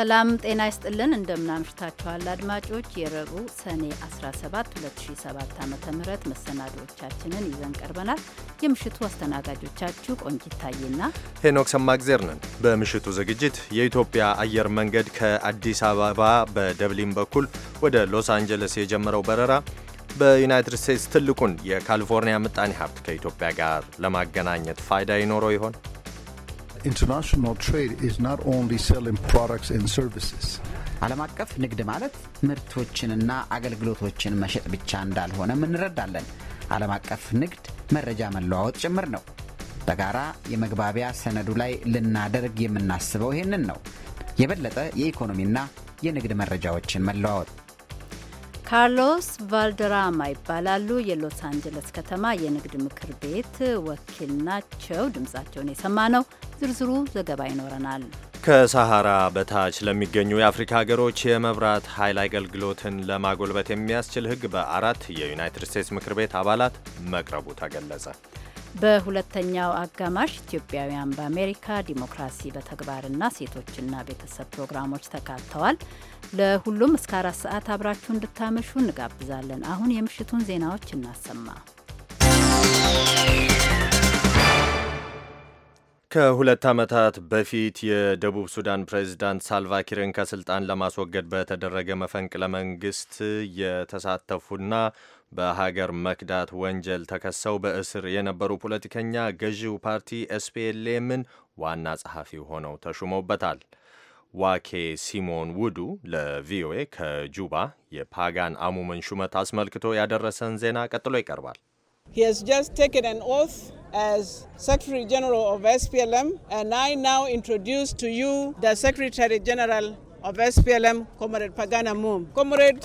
ሰላም ጤና ይስጥልን። እንደምናምሽታችኋል አድማጮች። የረቡዕ ሰኔ 17 2007 ዓ ም መሰናዶዎቻችንን ይዘን ቀርበናል። የምሽቱ አስተናጋጆቻችሁ ቆንጂት ታዬና ሄኖክ ሰማግዜር ነን። በምሽቱ ዝግጅት የኢትዮጵያ አየር መንገድ ከአዲስ አበባ በደብሊን በኩል ወደ ሎስ አንጀለስ የጀመረው በረራ በዩናይትድ ስቴትስ ትልቁን የካሊፎርኒያ ምጣኔ ሀብት ከኢትዮጵያ ጋር ለማገናኘት ፋይዳ ይኖረው ይሆን? international trade is not only selling products and services. ዓለም አቀፍ ንግድ ማለት ምርቶችንና አገልግሎቶችን መሸጥ ብቻ እንዳልሆነም እንረዳለን። ዓለም አቀፍ ንግድ መረጃ መለዋወጥ ጭምር ነው። በጋራ የመግባቢያ ሰነዱ ላይ ልናደርግ የምናስበው ይህንን ነው። የበለጠ የኢኮኖሚና የንግድ መረጃዎችን መለዋወጥ ካርሎስ ቫልደራማ ይባላሉ። የሎስ አንጀለስ ከተማ የንግድ ምክር ቤት ወኪል ናቸው። ድምጻቸውን የሰማ ነው። ዝርዝሩ ዘገባ ይኖረናል። ከሳሃራ በታች ለሚገኙ የአፍሪካ ሀገሮች የመብራት ኃይል አገልግሎትን ለማጎልበት የሚያስችል ሕግ በአራት የዩናይትድ ስቴትስ ምክር ቤት አባላት መቅረቡ ተገለጸ። በሁለተኛው አጋማሽ ኢትዮጵያውያን በአሜሪካ ዲሞክራሲ በተግባርና ሴቶችና ቤተሰብ ፕሮግራሞች ተካተዋል። ለሁሉም እስከ አራት ሰዓት አብራችሁ እንድታመሹ እንጋብዛለን። አሁን የምሽቱን ዜናዎች እናሰማ። ከሁለት ዓመታት በፊት የደቡብ ሱዳን ፕሬዚዳንት ሳልቫ ከስልጣን ለማስወገድ በተደረገ መፈንቅለ መንግስት የተሳተፉና በሀገር መክዳት ወንጀል ተከሰው በእስር የነበሩ ፖለቲከኛ ገዢው ፓርቲ ኤስፒኤልኤምን ዋና ጸሐፊ ሆነው ተሹመውበታል። ዋኬ ሲሞን ውዱ ለቪኦኤ ከጁባ የፓጋን አሙመን ሹመት አስመልክቶ ያደረሰን ዜና ቀጥሎ ይቀርባል። He has just taken an oath as Secretary General of SPLM, and I now introduce to you the Secretary General of SPLM, Comrade Pagana Moom. Comrade,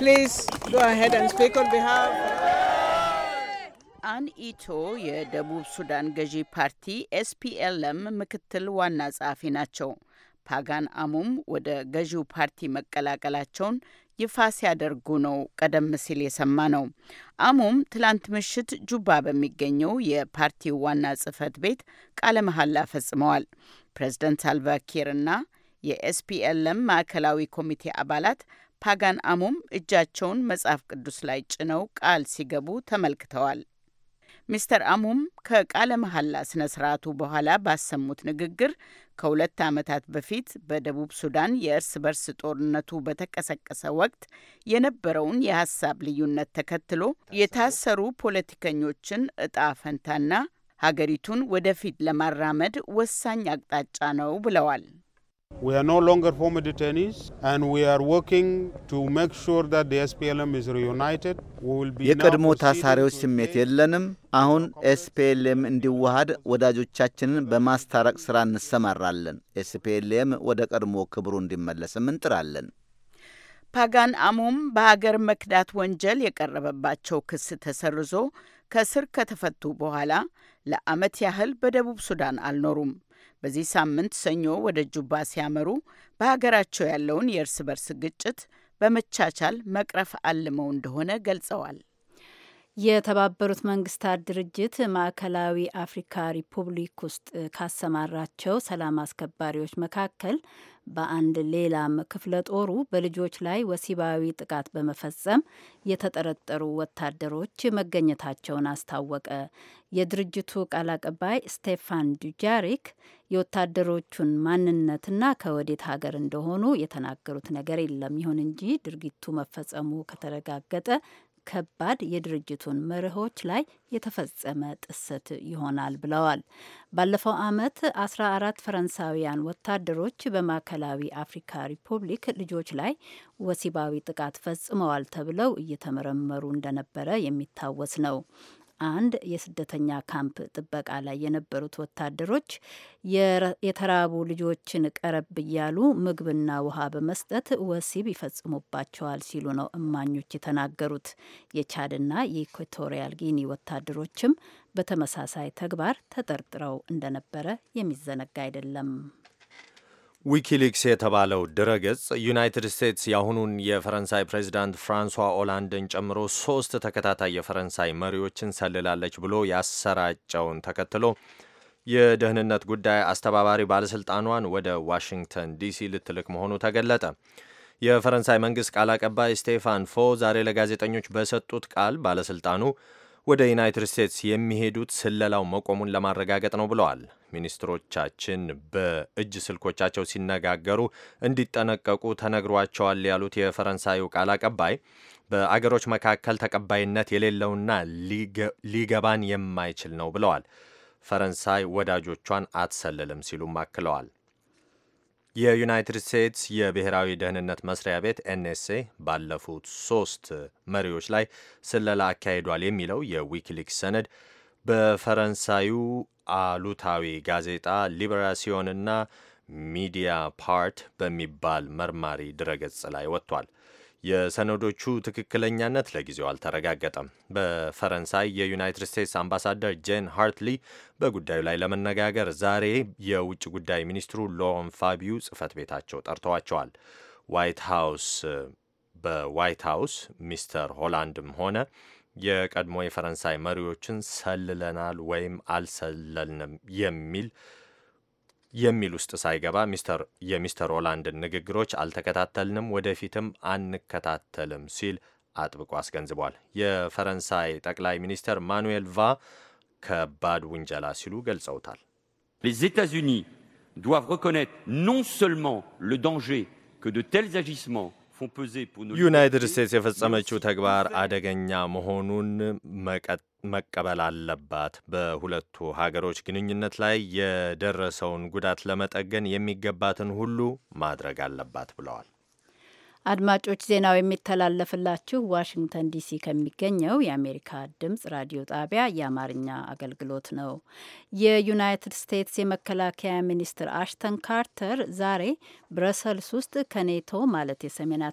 please go ahead and speak on behalf አን ኢቶ የደቡብ ሱዳን ገዢ ፓርቲ ኤስፒኤልኤም ምክትል ዋና ጸሐፊ ናቸው። ፓጋን አሙም ወደ ገዢው ፓርቲ መቀላቀላቸውን ይፋ ሲያደርጉ ነው ቀደም ሲል የሰማ ነው። አሙም ትላንት ምሽት ጁባ በሚገኘው የፓርቲው ዋና ጽህፈት ቤት ቃለ መሐላ ፈጽመዋል። ፕሬዚደንት ሳልቫኪር እና የኤስፒኤልም ማዕከላዊ ኮሚቴ አባላት ፓጋን አሙም እጃቸውን መጽሐፍ ቅዱስ ላይ ጭነው ቃል ሲገቡ ተመልክተዋል። ሚስተር አሙም ከቃለ መሐላ ስነ ስርዓቱ በኋላ ባሰሙት ንግግር ከሁለት ዓመታት በፊት በደቡብ ሱዳን የእርስ በርስ ጦርነቱ በተቀሰቀሰ ወቅት የነበረውን የሀሳብ ልዩነት ተከትሎ የታሰሩ ፖለቲከኞችን እጣ ፈንታና ሀገሪቱን ወደፊት ለማራመድ ወሳኝ አቅጣጫ ነው ብለዋል። We are no longer former detainees and we are working to make sure that the SPLM is reunited. የቀድሞ ታሳሪዎች ስሜት የለንም። አሁን ኤስፒኤልኤም እንዲዋሃድ ወዳጆቻችንን በማስታረቅ ሥራ እንሰማራለን። ኤስፒኤልኤም ወደ ቀድሞ ክብሩ እንዲመለስም እንጥራለን። ፓጋን አሞም በሀገር መክዳት ወንጀል የቀረበባቸው ክስ ተሰርዞ ከስር ከተፈቱ በኋላ ለዓመት ያህል በደቡብ ሱዳን አልኖሩም። በዚህ ሳምንት ሰኞ ወደ ጁባ ሲያመሩ በሀገራቸው ያለውን የእርስ በርስ ግጭት በመቻቻል መቅረፍ አልመው እንደሆነ ገልጸዋል። የተባበሩት መንግስታት ድርጅት ማዕከላዊ አፍሪካ ሪፑብሊክ ውስጥ ካሰማራቸው ሰላም አስከባሪዎች መካከል በአንድ ሌላም ክፍለ ጦሩ በልጆች ላይ ወሲባዊ ጥቃት በመፈጸም የተጠረጠሩ ወታደሮች መገኘታቸውን አስታወቀ። የድርጅቱ ቃል አቀባይ ስቴፋን ዱጃሪክ የወታደሮቹን ማንነትና ከወዴት ሀገር እንደሆኑ የተናገሩት ነገር የለም። ይሁን እንጂ ድርጊቱ መፈጸሙ ከተረጋገጠ ከባድ የድርጅቱን መርሆች ላይ የተፈጸመ ጥሰት ይሆናል ብለዋል። ባለፈው ዓመት 14 ፈረንሳውያን ወታደሮች በማዕከላዊ አፍሪካ ሪፑብሊክ ልጆች ላይ ወሲባዊ ጥቃት ፈጽመዋል ተብለው እየተመረመሩ እንደነበረ የሚታወስ ነው። አንድ የስደተኛ ካምፕ ጥበቃ ላይ የነበሩት ወታደሮች የተራቡ ልጆችን ቀረብ እያሉ ምግብና ውሃ በመስጠት ወሲብ ይፈጽሙባቸዋል ሲሉ ነው እማኞች የተናገሩት። የቻድና የኢኳቶሪያል ጊኒ ወታደሮችም በተመሳሳይ ተግባር ተጠርጥረው እንደነበረ የሚዘነጋ አይደለም። ዊኪሊክስ የተባለው ድረገጽ ዩናይትድ ስቴትስ የአሁኑን የፈረንሳይ ፕሬዚዳንት ፍራንሷ ኦላንድን ጨምሮ ሶስት ተከታታይ የፈረንሳይ መሪዎችን ሰልላለች ብሎ ያሰራጨውን ተከትሎ የደህንነት ጉዳይ አስተባባሪ ባለሥልጣኗን ወደ ዋሽንግተን ዲሲ ልትልክ መሆኑ ተገለጠ። የፈረንሳይ መንግሥት ቃል አቀባይ ስቴፋን ፎ ዛሬ ለጋዜጠኞች በሰጡት ቃል ባለሥልጣኑ ወደ ዩናይትድ ስቴትስ የሚሄዱት ስለላው መቆሙን ለማረጋገጥ ነው ብለዋል። ሚኒስትሮቻችን በእጅ ስልኮቻቸው ሲነጋገሩ እንዲጠነቀቁ ተነግሯቸዋል ያሉት የፈረንሳዩ ቃል አቀባይ በአገሮች መካከል ተቀባይነት የሌለውና ሊገባን የማይችል ነው ብለዋል። ፈረንሳይ ወዳጆቿን አትሰልልም ሲሉም አክለዋል። የዩናይትድ ስቴትስ የብሔራዊ ደህንነት መስሪያ ቤት ኤንኤስኤ ባለፉት ሶስት መሪዎች ላይ ስለላ አካሂዷል የሚለው የዊኪሊክስ ሰነድ በፈረንሳዩ አሉታዊ ጋዜጣ ሊበራሲዮንና ሚዲያ ፓርት በሚባል መርማሪ ድረገጽ ላይ ወጥቷል። የሰነዶቹ ትክክለኛነት ለጊዜው አልተረጋገጠም። በፈረንሳይ የዩናይትድ ስቴትስ አምባሳደር ጄን ሃርትሊ በጉዳዩ ላይ ለመነጋገር ዛሬ የውጭ ጉዳይ ሚኒስትሩ ሎን ፋቢዩ ጽህፈት ቤታቸው ጠርተዋቸዋል። ዋይት ሃውስ በዋይት ሃውስ ሚስተር ሆላንድም ሆነ የቀድሞ የፈረንሳይ መሪዎችን ሰልለናል ወይም አልሰለልንም የሚል የሚል ውስጥ ሳይገባ የሚስተር ኦላንድን ንግግሮች አልተከታተልንም፣ ወደፊትም አንከታተልም ሲል አጥብቆ አስገንዝቧል። የፈረንሳይ ጠቅላይ ሚኒስትር ማኑኤል ቫ ከባድ ውንጀላ ሲሉ ገልጸውታል። Les États-Unis doivent reconnaître non seulement le danger que de tels agissements font peser pour nos... ዩናይትድ ስቴትስ የፈጸመችው ተግባር አደገኛ መሆኑን መቀጠል መቀበል አለባት። በሁለቱ ሀገሮች ግንኙነት ላይ የደረሰውን ጉዳት ለመጠገን የሚገባትን ሁሉ ማድረግ አለባት ብለዋል። አድማጮች፣ ዜናው የሚተላለፍላችሁ ዋሽንግተን ዲሲ ከሚገኘው የአሜሪካ ድምጽ ራዲዮ ጣቢያ የአማርኛ አገልግሎት ነው። የዩናይትድ ስቴትስ የመከላከያ ሚኒስትር አሽተን ካርተር ዛሬ ብረሰልስ ውስጥ ከኔቶ ማለት የሰሜን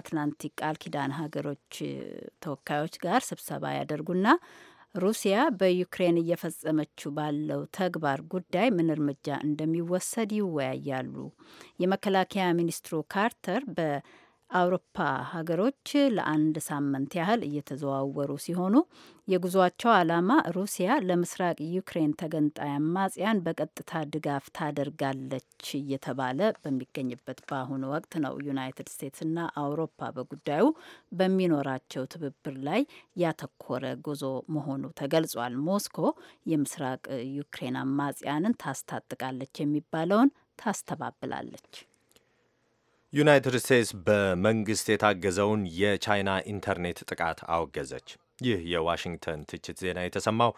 አትላንቲክ ቃል ኪዳን ሀገሮች ተወካዮች ጋር ስብሰባ ያደርጉና ሩሲያ በዩክሬን እየፈጸመችው ባለው ተግባር ጉዳይ ምን እርምጃ እንደሚወሰድ ይወያያሉ። የመከላከያ ሚኒስትሩ ካርተር በ አውሮፓ ሀገሮች ለአንድ ሳምንት ያህል እየተዘዋወሩ ሲሆኑ የጉዟቸው ዓላማ ሩሲያ ለምስራቅ ዩክሬን ተገንጣይ አማጽያን በቀጥታ ድጋፍ ታደርጋለች እየተባለ በሚገኝበት በአሁኑ ወቅት ነው። ዩናይትድ ስቴትስና አውሮፓ በጉዳዩ በሚኖራቸው ትብብር ላይ ያተኮረ ጉዞ መሆኑ ተገልጿል። ሞስኮ የምስራቅ ዩክሬን አማጽያንን ታስታጥቃለች የሚባለውን ታስተባብላለች። ዩናይትድ ስቴትስ በመንግስት የታገዘውን የቻይና ኢንተርኔት ጥቃት አወገዘች። ይህ የዋሽንግተን ትችት ዜና የተሰማው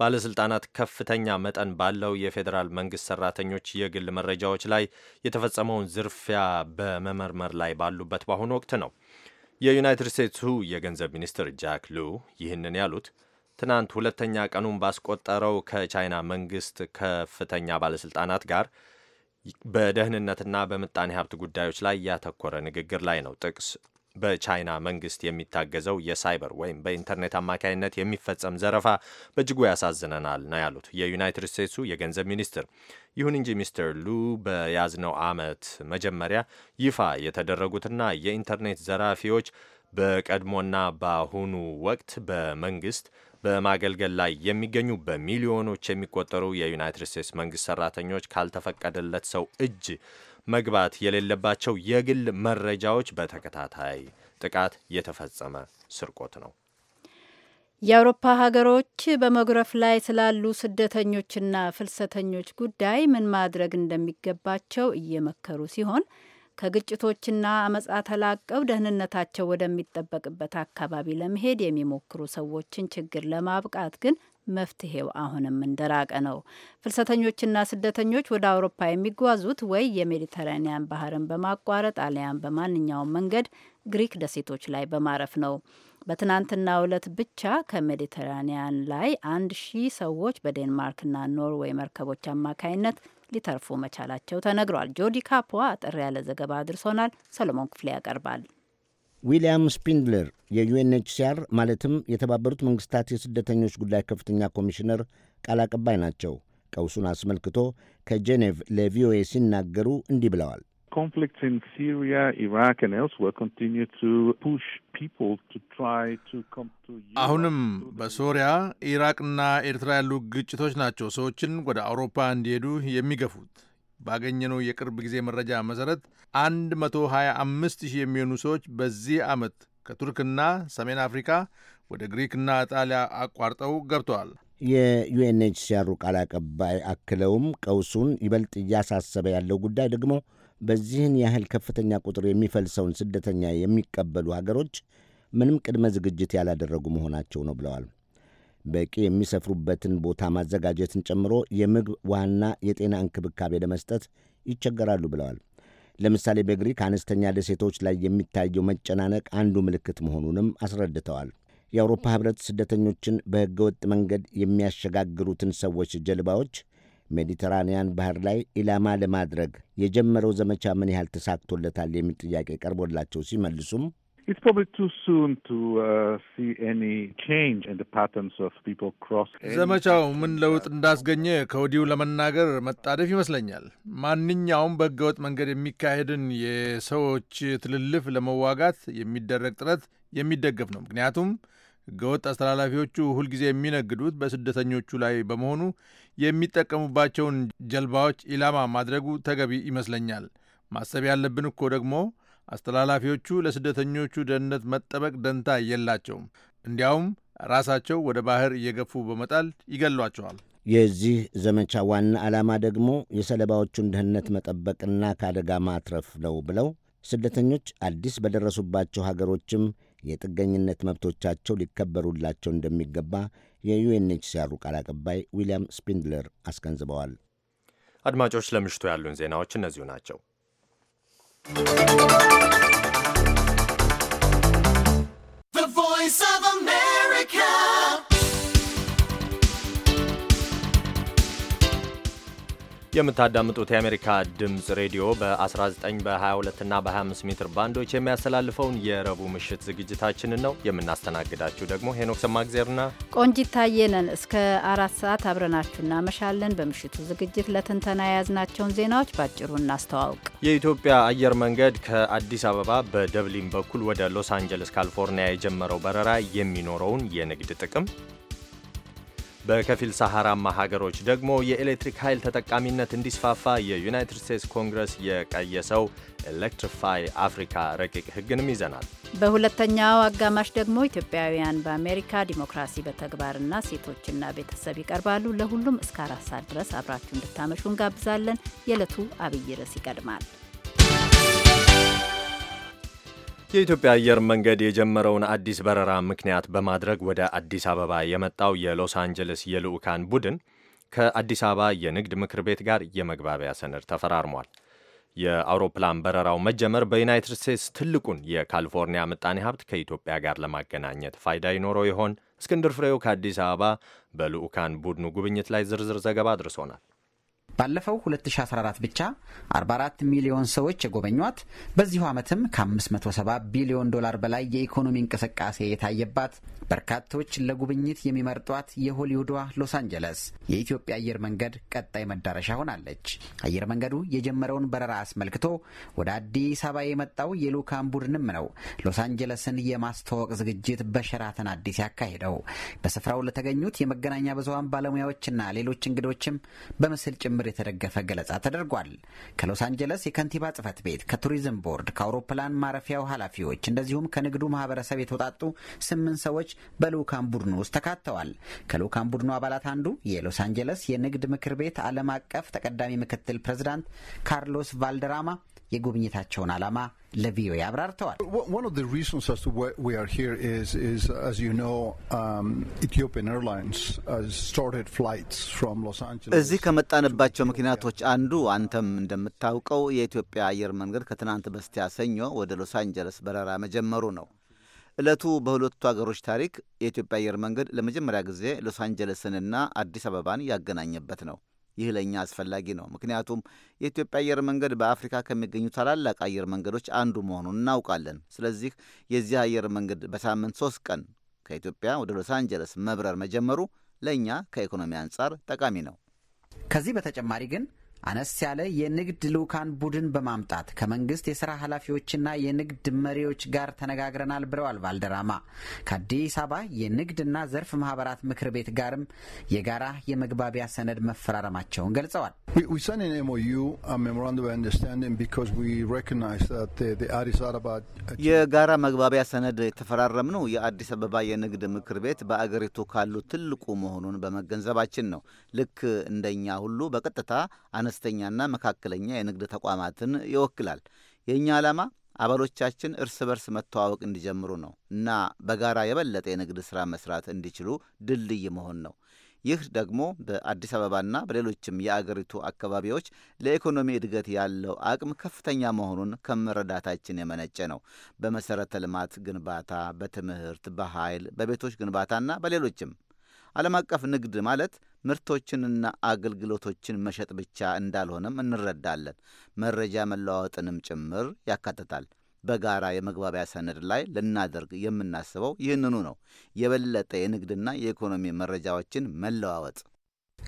ባለሥልጣናት ከፍተኛ መጠን ባለው የፌዴራል መንግሥት ሠራተኞች የግል መረጃዎች ላይ የተፈጸመውን ዝርፊያ በመመርመር ላይ ባሉበት በአሁኑ ወቅት ነው። የዩናይትድ ስቴትሱ የገንዘብ ሚኒስትር ጃክ ሉ ይህንን ያሉት ትናንት ሁለተኛ ቀኑን ባስቆጠረው ከቻይና መንግሥት ከፍተኛ ባለሥልጣናት ጋር በደህንነትና በምጣኔ ሀብት ጉዳዮች ላይ ያተኮረ ንግግር ላይ ነው ጥቅስ በቻይና መንግስት የሚታገዘው የሳይበር ወይም በኢንተርኔት አማካኝነት የሚፈጸም ዘረፋ በእጅጉ ያሳዝነናል ነው ያሉት የዩናይትድ ስቴትሱ የገንዘብ ሚኒስትር። ይሁን እንጂ ሚስተር ሉ በያዝነው ዓመት መጀመሪያ ይፋ የተደረጉትና የኢንተርኔት ዘራፊዎች በቀድሞና በአሁኑ ወቅት በመንግስት በማገልገል ላይ የሚገኙ በሚሊዮኖች የሚቆጠሩ የዩናይትድ ስቴትስ መንግስት ሰራተኞች ካልተፈቀደለት ሰው እጅ መግባት የሌለባቸው የግል መረጃዎች በተከታታይ ጥቃት የተፈጸመ ስርቆት ነው። የአውሮፓ ሀገሮች በመጉረፍ ላይ ስላሉ ስደተኞችና ፍልሰተኞች ጉዳይ ምን ማድረግ እንደሚገባቸው እየመከሩ ሲሆን ከግጭቶችና አመጻ ተላቀው ደህንነታቸው ወደሚጠበቅበት አካባቢ ለመሄድ የሚሞክሩ ሰዎችን ችግር ለማብቃት ግን መፍትሄው አሁንም እንደራቀ ነው። ፍልሰተኞችና ስደተኞች ወደ አውሮፓ የሚጓዙት ወይ የሜዲተራኒያን ባህርን በማቋረጥ አሊያም በማንኛውም መንገድ ግሪክ ደሴቶች ላይ በማረፍ ነው። በትናንትና ዕለት ብቻ ከሜዲተራኒያን ላይ አንድ ሺህ ሰዎች በዴንማርክና ኖርዌይ መርከቦች አማካይነት ሊተርፉ መቻላቸው ተነግሯል። ጆዲ ካፖዋ አጠር ያለ ዘገባ አድርሶናል። ሰሎሞን ክፍሌ ያቀርባል። ዊልያም ስፒንድለር የዩኤንኤችሲአር ማለትም የተባበሩት መንግስታት የስደተኞች ጉዳይ ከፍተኛ ኮሚሽነር ቃል አቀባይ ናቸው። ቀውሱን አስመልክቶ ከጄኔቭ ለቪኦኤ ሲናገሩ እንዲህ ብለዋል። conflicts in Syria, Iraq and elsewhere continue to push people to try to come to Europe. አሁንም በሶሪያ ኢራቅና ኤርትራ ያሉ ግጭቶች ናቸው ሰዎችን ወደ አውሮፓ እንዲሄዱ የሚገፉት። ባገኘነው የቅርብ ጊዜ መረጃ መሠረት 125 ሺህ የሚሆኑ ሰዎች በዚህ ዓመት ከቱርክና ሰሜን አፍሪካ ወደ ግሪክና ጣሊያ አቋርጠው ገብተዋል። የዩኤንኤችሲያሩ ቃል አቀባይ አክለውም ቀውሱን ይበልጥ እያሳሰበ ያለው ጉዳይ ደግሞ በዚህን ያህል ከፍተኛ ቁጥር የሚፈልሰውን ስደተኛ የሚቀበሉ ሀገሮች ምንም ቅድመ ዝግጅት ያላደረጉ መሆናቸው ነው ብለዋል። በቂ የሚሰፍሩበትን ቦታ ማዘጋጀትን ጨምሮ የምግብ ዋና የጤና እንክብካቤ ለመስጠት ይቸገራሉ ብለዋል። ለምሳሌ በግሪክ አነስተኛ ደሴቶች ላይ የሚታየው መጨናነቅ አንዱ ምልክት መሆኑንም አስረድተዋል። የአውሮፓ ሕብረት ስደተኞችን በሕገ ወጥ መንገድ የሚያሸጋግሩትን ሰዎች ጀልባዎች ሜዲተራንያን ባህር ላይ ኢላማ ለማድረግ የጀመረው ዘመቻ ምን ያህል ተሳክቶለታል የሚል ጥያቄ ቀርቦላቸው ሲመልሱም uh, ዘመቻው ምን ለውጥ እንዳስገኘ ከወዲሁ ለመናገር መጣደፍ ይመስለኛል። ማንኛውም በህገወጥ መንገድ የሚካሄድን የሰዎች ትልልፍ ለመዋጋት የሚደረግ ጥረት የሚደገፍ ነው። ምክንያቱም ህገወጥ አስተላላፊዎቹ ሁልጊዜ የሚነግዱት በስደተኞቹ ላይ በመሆኑ የሚጠቀሙባቸውን ጀልባዎች ኢላማ ማድረጉ ተገቢ ይመስለኛል። ማሰብ ያለብን እኮ ደግሞ አስተላላፊዎቹ ለስደተኞቹ ደህንነት መጠበቅ ደንታ የላቸውም። እንዲያውም ራሳቸው ወደ ባህር እየገፉ በመጣል ይገሏቸዋል። የዚህ ዘመቻ ዋና ዓላማ ደግሞ የሰለባዎቹን ደህንነት መጠበቅና ከአደጋ ማትረፍ ነው ብለው ስደተኞች አዲስ በደረሱባቸው ሀገሮችም የጥገኝነት መብቶቻቸው ሊከበሩላቸው እንደሚገባ የዩኤንኤችሲአሩ ቃል አቀባይ ዊልያም ስፒንድለር አስገንዝበዋል። አድማጮች፣ ለምሽቱ ያሉን ዜናዎች እነዚሁ ናቸው። ቮይስ ኦፍ አሜሪካ የምታዳምጡት የአሜሪካ ድምፅ ሬዲዮ በ19 በ22ና በ25 ሜትር ባንዶች የሚያስተላልፈውን የረቡዕ ምሽት ዝግጅታችንን ነው። የምናስተናግዳችሁ ደግሞ ሄኖክ ሰማግዜርና ቆንጂት እስከ አራት ሰዓት አብረናችሁ እናመሻለን። በምሽቱ ዝግጅት ለትንተና የያዝናቸውን ዜናዎች ባጭሩ እናስተዋውቅ። የኢትዮጵያ አየር መንገድ ከአዲስ አበባ በደብሊን በኩል ወደ ሎስ አንጀለስ ካሊፎርኒያ የጀመረው በረራ የሚኖረውን የንግድ ጥቅም በከፊል ሰሃራማ ሀገሮች ደግሞ የኤሌክትሪክ ኃይል ተጠቃሚነት እንዲስፋፋ የዩናይትድ ስቴትስ ኮንግረስ የቀየሰው ኤሌክትሪፋይ አፍሪካ ረቂቅ ሕግንም ይዘናል። በሁለተኛው አጋማሽ ደግሞ ኢትዮጵያውያን በአሜሪካ ዲሞክራሲ በተግባርና ሴቶችና ቤተሰብ ይቀርባሉ። ለሁሉም እስከ አራት ሰዓት ድረስ አብራችሁ እንድታመሹ እንጋብዛለን። የዕለቱ አብይ ርዕስ ይቀድማል። የኢትዮጵያ አየር መንገድ የጀመረውን አዲስ በረራ ምክንያት በማድረግ ወደ አዲስ አበባ የመጣው የሎስ አንጀለስ የልዑካን ቡድን ከአዲስ አበባ የንግድ ምክር ቤት ጋር የመግባቢያ ሰነድ ተፈራርሟል። የአውሮፕላን በረራው መጀመር በዩናይትድ ስቴትስ ትልቁን የካሊፎርኒያ ምጣኔ ሀብት ከኢትዮጵያ ጋር ለማገናኘት ፋይዳ ይኖረው ይሆን? እስክንድር ፍሬው ከአዲስ አበባ በልዑካን ቡድኑ ጉብኝት ላይ ዝርዝር ዘገባ አድርሶናል። ባለፈው 2014 ብቻ 44 ሚሊዮን ሰዎች የጎበኟት በዚሁ ዓመትም ከ570 ቢሊዮን ዶላር በላይ የኢኮኖሚ እንቅስቃሴ የታየባት በርካቶች ለጉብኝት የሚመርጧት የሆሊውዷ ሎስ አንጀለስ የኢትዮጵያ አየር መንገድ ቀጣይ መዳረሻ ሆናለች። አየር መንገዱ የጀመረውን በረራ አስመልክቶ ወደ አዲስ አበባ የመጣው የልዑካን ቡድንም ነው ሎስ አንጀለስን የማስተዋወቅ ዝግጅት በሸራተን አዲስ ያካሄደው። በስፍራው ለተገኙት የመገናኛ ብዙኃን ባለሙያዎችና ሌሎች እንግዶችም በምስል ጭምር የተደገፈ ገለጻ ተደርጓል። ከሎስ አንጀለስ የከንቲባ ጽፈት ቤት፣ ከቱሪዝም ቦርድ፣ ከአውሮፕላን ማረፊያው ኃላፊዎች እንደዚሁም ከንግዱ ማህበረሰብ የተውጣጡ ስምንት ሰዎች በልኡካን ቡድኑ ውስጥ ተካተዋል። ከልኡካን ቡድኑ አባላት አንዱ የሎስ አንጀለስ የንግድ ምክር ቤት ዓለም አቀፍ ተቀዳሚ ምክትል ፕሬዝዳንት ካርሎስ ቫልደራማ የጉብኝታቸውን ዓላማ ለቪኦኤ አብራርተዋል። um, እዚህ ከመጣንባቸው ምክንያቶች አንዱ አንተም እንደምታውቀው የኢትዮጵያ አየር መንገድ ከትናንት በስቲያ ሰኞ ወደ ሎስ አንጀለስ በረራ መጀመሩ ነው። ዕለቱ በሁለቱ አገሮች ታሪክ የኢትዮጵያ አየር መንገድ ለመጀመሪያ ጊዜ ሎስ አንጀለስንና አዲስ አበባን ያገናኘበት ነው። ይህ ለእኛ አስፈላጊ ነው፣ ምክንያቱም የኢትዮጵያ አየር መንገድ በአፍሪካ ከሚገኙ ታላላቅ አየር መንገዶች አንዱ መሆኑን እናውቃለን። ስለዚህ የዚህ አየር መንገድ በሳምንት ሶስት ቀን ከኢትዮጵያ ወደ ሎስ አንጀለስ መብረር መጀመሩ ለእኛ ከኢኮኖሚ አንጻር ጠቃሚ ነው። ከዚህ በተጨማሪ ግን አነስ ያለ የንግድ ልዑካን ቡድን በማምጣት ከመንግስት የስራ ኃላፊዎችና የንግድ መሪዎች ጋር ተነጋግረናል ብለዋል ባልደራማ። ከአዲስ አበባ የንግድና ዘርፍ ማህበራት ምክር ቤት ጋርም የጋራ የመግባቢያ ሰነድ መፈራረማቸውን ገልጸዋል። የጋራ መግባቢያ ሰነድ የተፈራረምነው የአዲስ አበባ የንግድ ምክር ቤት በአገሪቱ ካሉ ትልቁ መሆኑን በመገንዘባችን ነው። ልክ እንደኛ ሁሉ በቀጥታ አነስተኛና መካከለኛ የንግድ ተቋማትን ይወክላል። የእኛ ዓላማ አባሎቻችን እርስ በርስ መተዋወቅ እንዲጀምሩ ነው እና በጋራ የበለጠ የንግድ ሥራ መስራት እንዲችሉ ድልድይ መሆን ነው። ይህ ደግሞ በአዲስ አበባና በሌሎችም የአገሪቱ አካባቢዎች ለኢኮኖሚ እድገት ያለው አቅም ከፍተኛ መሆኑን ከመረዳታችን የመነጨ ነው። በመሠረተ ልማት ግንባታ፣ በትምህርት፣ በኃይል፣ በቤቶች ግንባታና በሌሎችም ዓለም አቀፍ ንግድ ማለት ምርቶችንና አገልግሎቶችን መሸጥ ብቻ እንዳልሆነም እንረዳለን። መረጃ መለዋወጥንም ጭምር ያካትታል። በጋራ የመግባቢያ ሰነድ ላይ ልናደርግ የምናስበው ይህንኑ ነው። የበለጠ የንግድና የኢኮኖሚ መረጃዎችን መለዋወጥ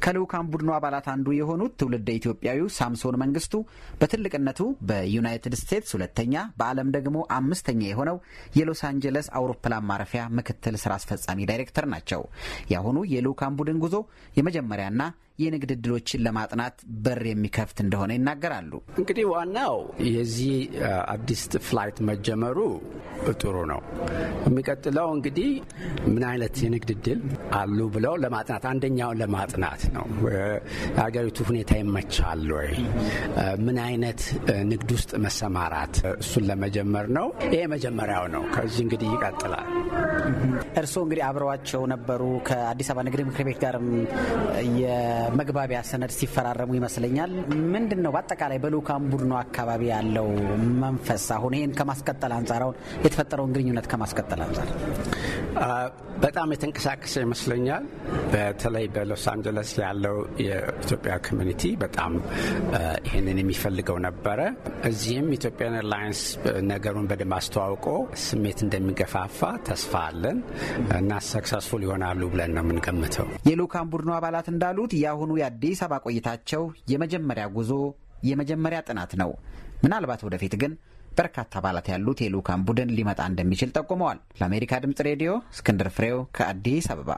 ከልዑካን ቡድኑ አባላት አንዱ የሆኑት ትውልደ ኢትዮጵያዊው ሳምሶን መንግስቱ በትልቅነቱ በዩናይትድ ስቴትስ ሁለተኛ በዓለም ደግሞ አምስተኛ የሆነው የሎስ አንጀለስ አውሮፕላን ማረፊያ ምክትል ስራ አስፈጻሚ ዳይሬክተር ናቸው። የአሁኑ የልዑካን ቡድን ጉዞ የመጀመሪያና የንግድ እድሎችን ለማጥናት በር የሚከፍት እንደሆነ ይናገራሉ። እንግዲህ ዋናው የዚህ አዲስ ፍላይት መጀመሩ ጥሩ ነው። የሚቀጥለው እንግዲህ ምን አይነት የንግድ እድል አሉ ብለው ለማጥናት አንደኛውን ለማጥናት ነው። የሀገሪቱ ሁኔታ ይመቻል ወይ፣ ምን አይነት ንግድ ውስጥ መሰማራት እሱን ለመጀመር ነው። ይሄ መጀመሪያው ነው። ከዚህ እንግዲህ ይቀጥላል። እርስዎ እንግዲህ አብረዋቸው ነበሩ ከአዲስ አበባ ንግድ ምክር ቤት ጋርም መግባቢያ ሰነድ ሲፈራረሙ ይመስለኛል። ምንድን ነው በአጠቃላይ በልኡካን ቡድኑ አካባቢ ያለው መንፈስ አሁን ይህን ከማስቀጠል አንጻር አሁን የተፈጠረውን ግንኙነት ከማስቀጠል አንጻር በጣም የተንቀሳቀሰ ይመስለኛል። በተለይ በሎስ አንጀለስ ያለው የኢትዮጵያ ኮሚኒቲ በጣም ይህንን የሚፈልገው ነበረ። እዚህም ኢትዮጵያን ኤርላይንስ ነገሩን በደንብ አስተዋውቆ ስሜት እንደሚገፋፋ ተስፋ አለን እና ሰክሰስፉል ይሆናሉ ብለን ነው የምንገምተው። የልዑካን ቡድኑ አባላት እንዳሉት የአሁኑ የአዲስ አበባ ቆይታቸው የመጀመሪያ ጉዞ የመጀመሪያ ጥናት ነው። ምናልባት ወደፊት ግን በርካታ አባላት ያሉት የልኡካን ቡድን ሊመጣ እንደሚችል ጠቁመዋል። ለአሜሪካ ድምጽ ሬዲዮ እስክንድር ፍሬው ከአዲስ አበባ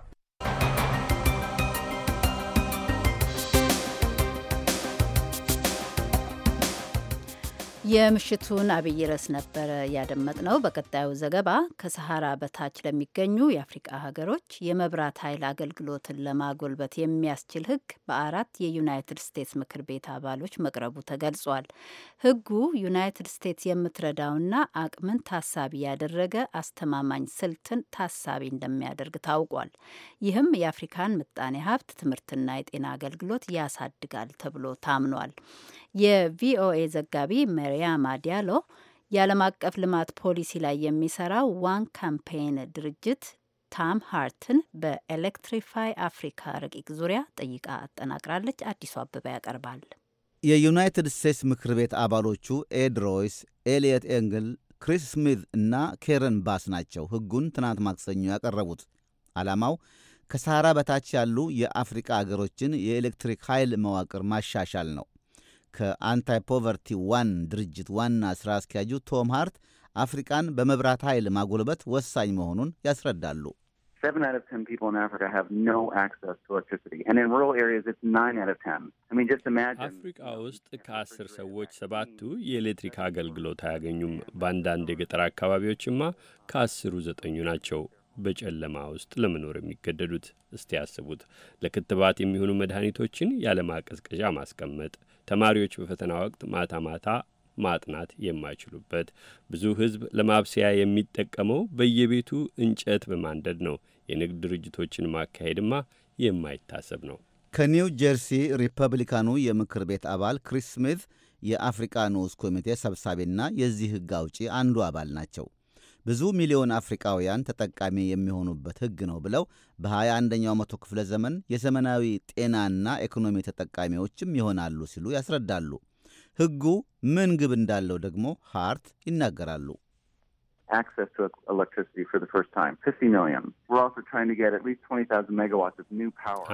የምሽቱን አብይ ርዕስ ነበረ ያደመጥነው። በቀጣዩ ዘገባ ከሰሃራ በታች ለሚገኙ የአፍሪቃ ሀገሮች የመብራት ኃይል አገልግሎትን ለማጎልበት የሚያስችል ሕግ በአራት የዩናይትድ ስቴትስ ምክር ቤት አባሎች መቅረቡ ተገልጿል። ሕጉ ዩናይትድ ስቴትስ የምትረዳውና አቅምን ታሳቢ ያደረገ አስተማማኝ ስልትን ታሳቢ እንደሚያደርግ ታውቋል። ይህም የአፍሪካን ምጣኔ ሀብት፣ ትምህርትና የጤና አገልግሎት ያሳድጋል ተብሎ ታምኗል። የቪኦኤ ዘጋቢ መሪያማ ዲያሎ የዓለም አቀፍ ልማት ፖሊሲ ላይ የሚሰራው ዋን ካምፔን ድርጅት ታም ሃርትን በኤሌክትሪፋይ አፍሪካ ረቂቅ ዙሪያ ጠይቃ አጠናቅራለች። አዲሱ አበባ ያቀርባል። የዩናይትድ ስቴትስ ምክር ቤት አባሎቹ ኤድ ሮይስ፣ ኤልየት ኤንግል፣ ክሪስ ስሚዝ እና ኬረን ባስ ናቸው ሕጉን ትናንት ማክሰኞ ያቀረቡት። ዓላማው ከሳህራ በታች ያሉ የአፍሪቃ አገሮችን የኤሌክትሪክ ኃይል መዋቅር ማሻሻል ነው። ከአንታይ ፖቨርቲ ዋን ድርጅት ዋና ሥራ አስኪያጁ ቶም ሃርት አፍሪቃን በመብራት ኃይል ማጎልበት ወሳኝ መሆኑን ያስረዳሉ። አፍሪቃ ውስጥ ከአስር ሰዎች ሰባቱ የኤሌክትሪክ አገልግሎት አያገኙም። በአንዳንድ የገጠር አካባቢዎችማ ከአስሩ ዘጠኙ ናቸው በጨለማ ውስጥ ለመኖር የሚገደዱት። እስቲ ያስቡት። ለክትባት የሚሆኑ መድኃኒቶችን ያለማቀዝቀዣ ማስቀመጥ ተማሪዎች በፈተና ወቅት ማታ ማታ ማጥናት የማይችሉበት፣ ብዙ ሕዝብ ለማብሰያ የሚጠቀመው በየቤቱ እንጨት በማንደድ ነው። የንግድ ድርጅቶችን ማካሄድማ የማይታሰብ ነው። ከኒው ጀርሲ ሪፐብሊካኑ የምክር ቤት አባል ክሪስ ስሚት የአፍሪቃ ንዑስ ኮሚቴ ሰብሳቢና የዚህ ሕግ አውጪ አንዱ አባል ናቸው። ብዙ ሚሊዮን አፍሪካውያን ተጠቃሚ የሚሆኑበት ሕግ ነው ብለው በ21ኛው መቶ ክፍለ ዘመን የዘመናዊ ጤናና ኢኮኖሚ ተጠቃሚዎችም ይሆናሉ ሲሉ ያስረዳሉ። ሕጉ ምን ግብ እንዳለው ደግሞ ሃርት ይናገራሉ።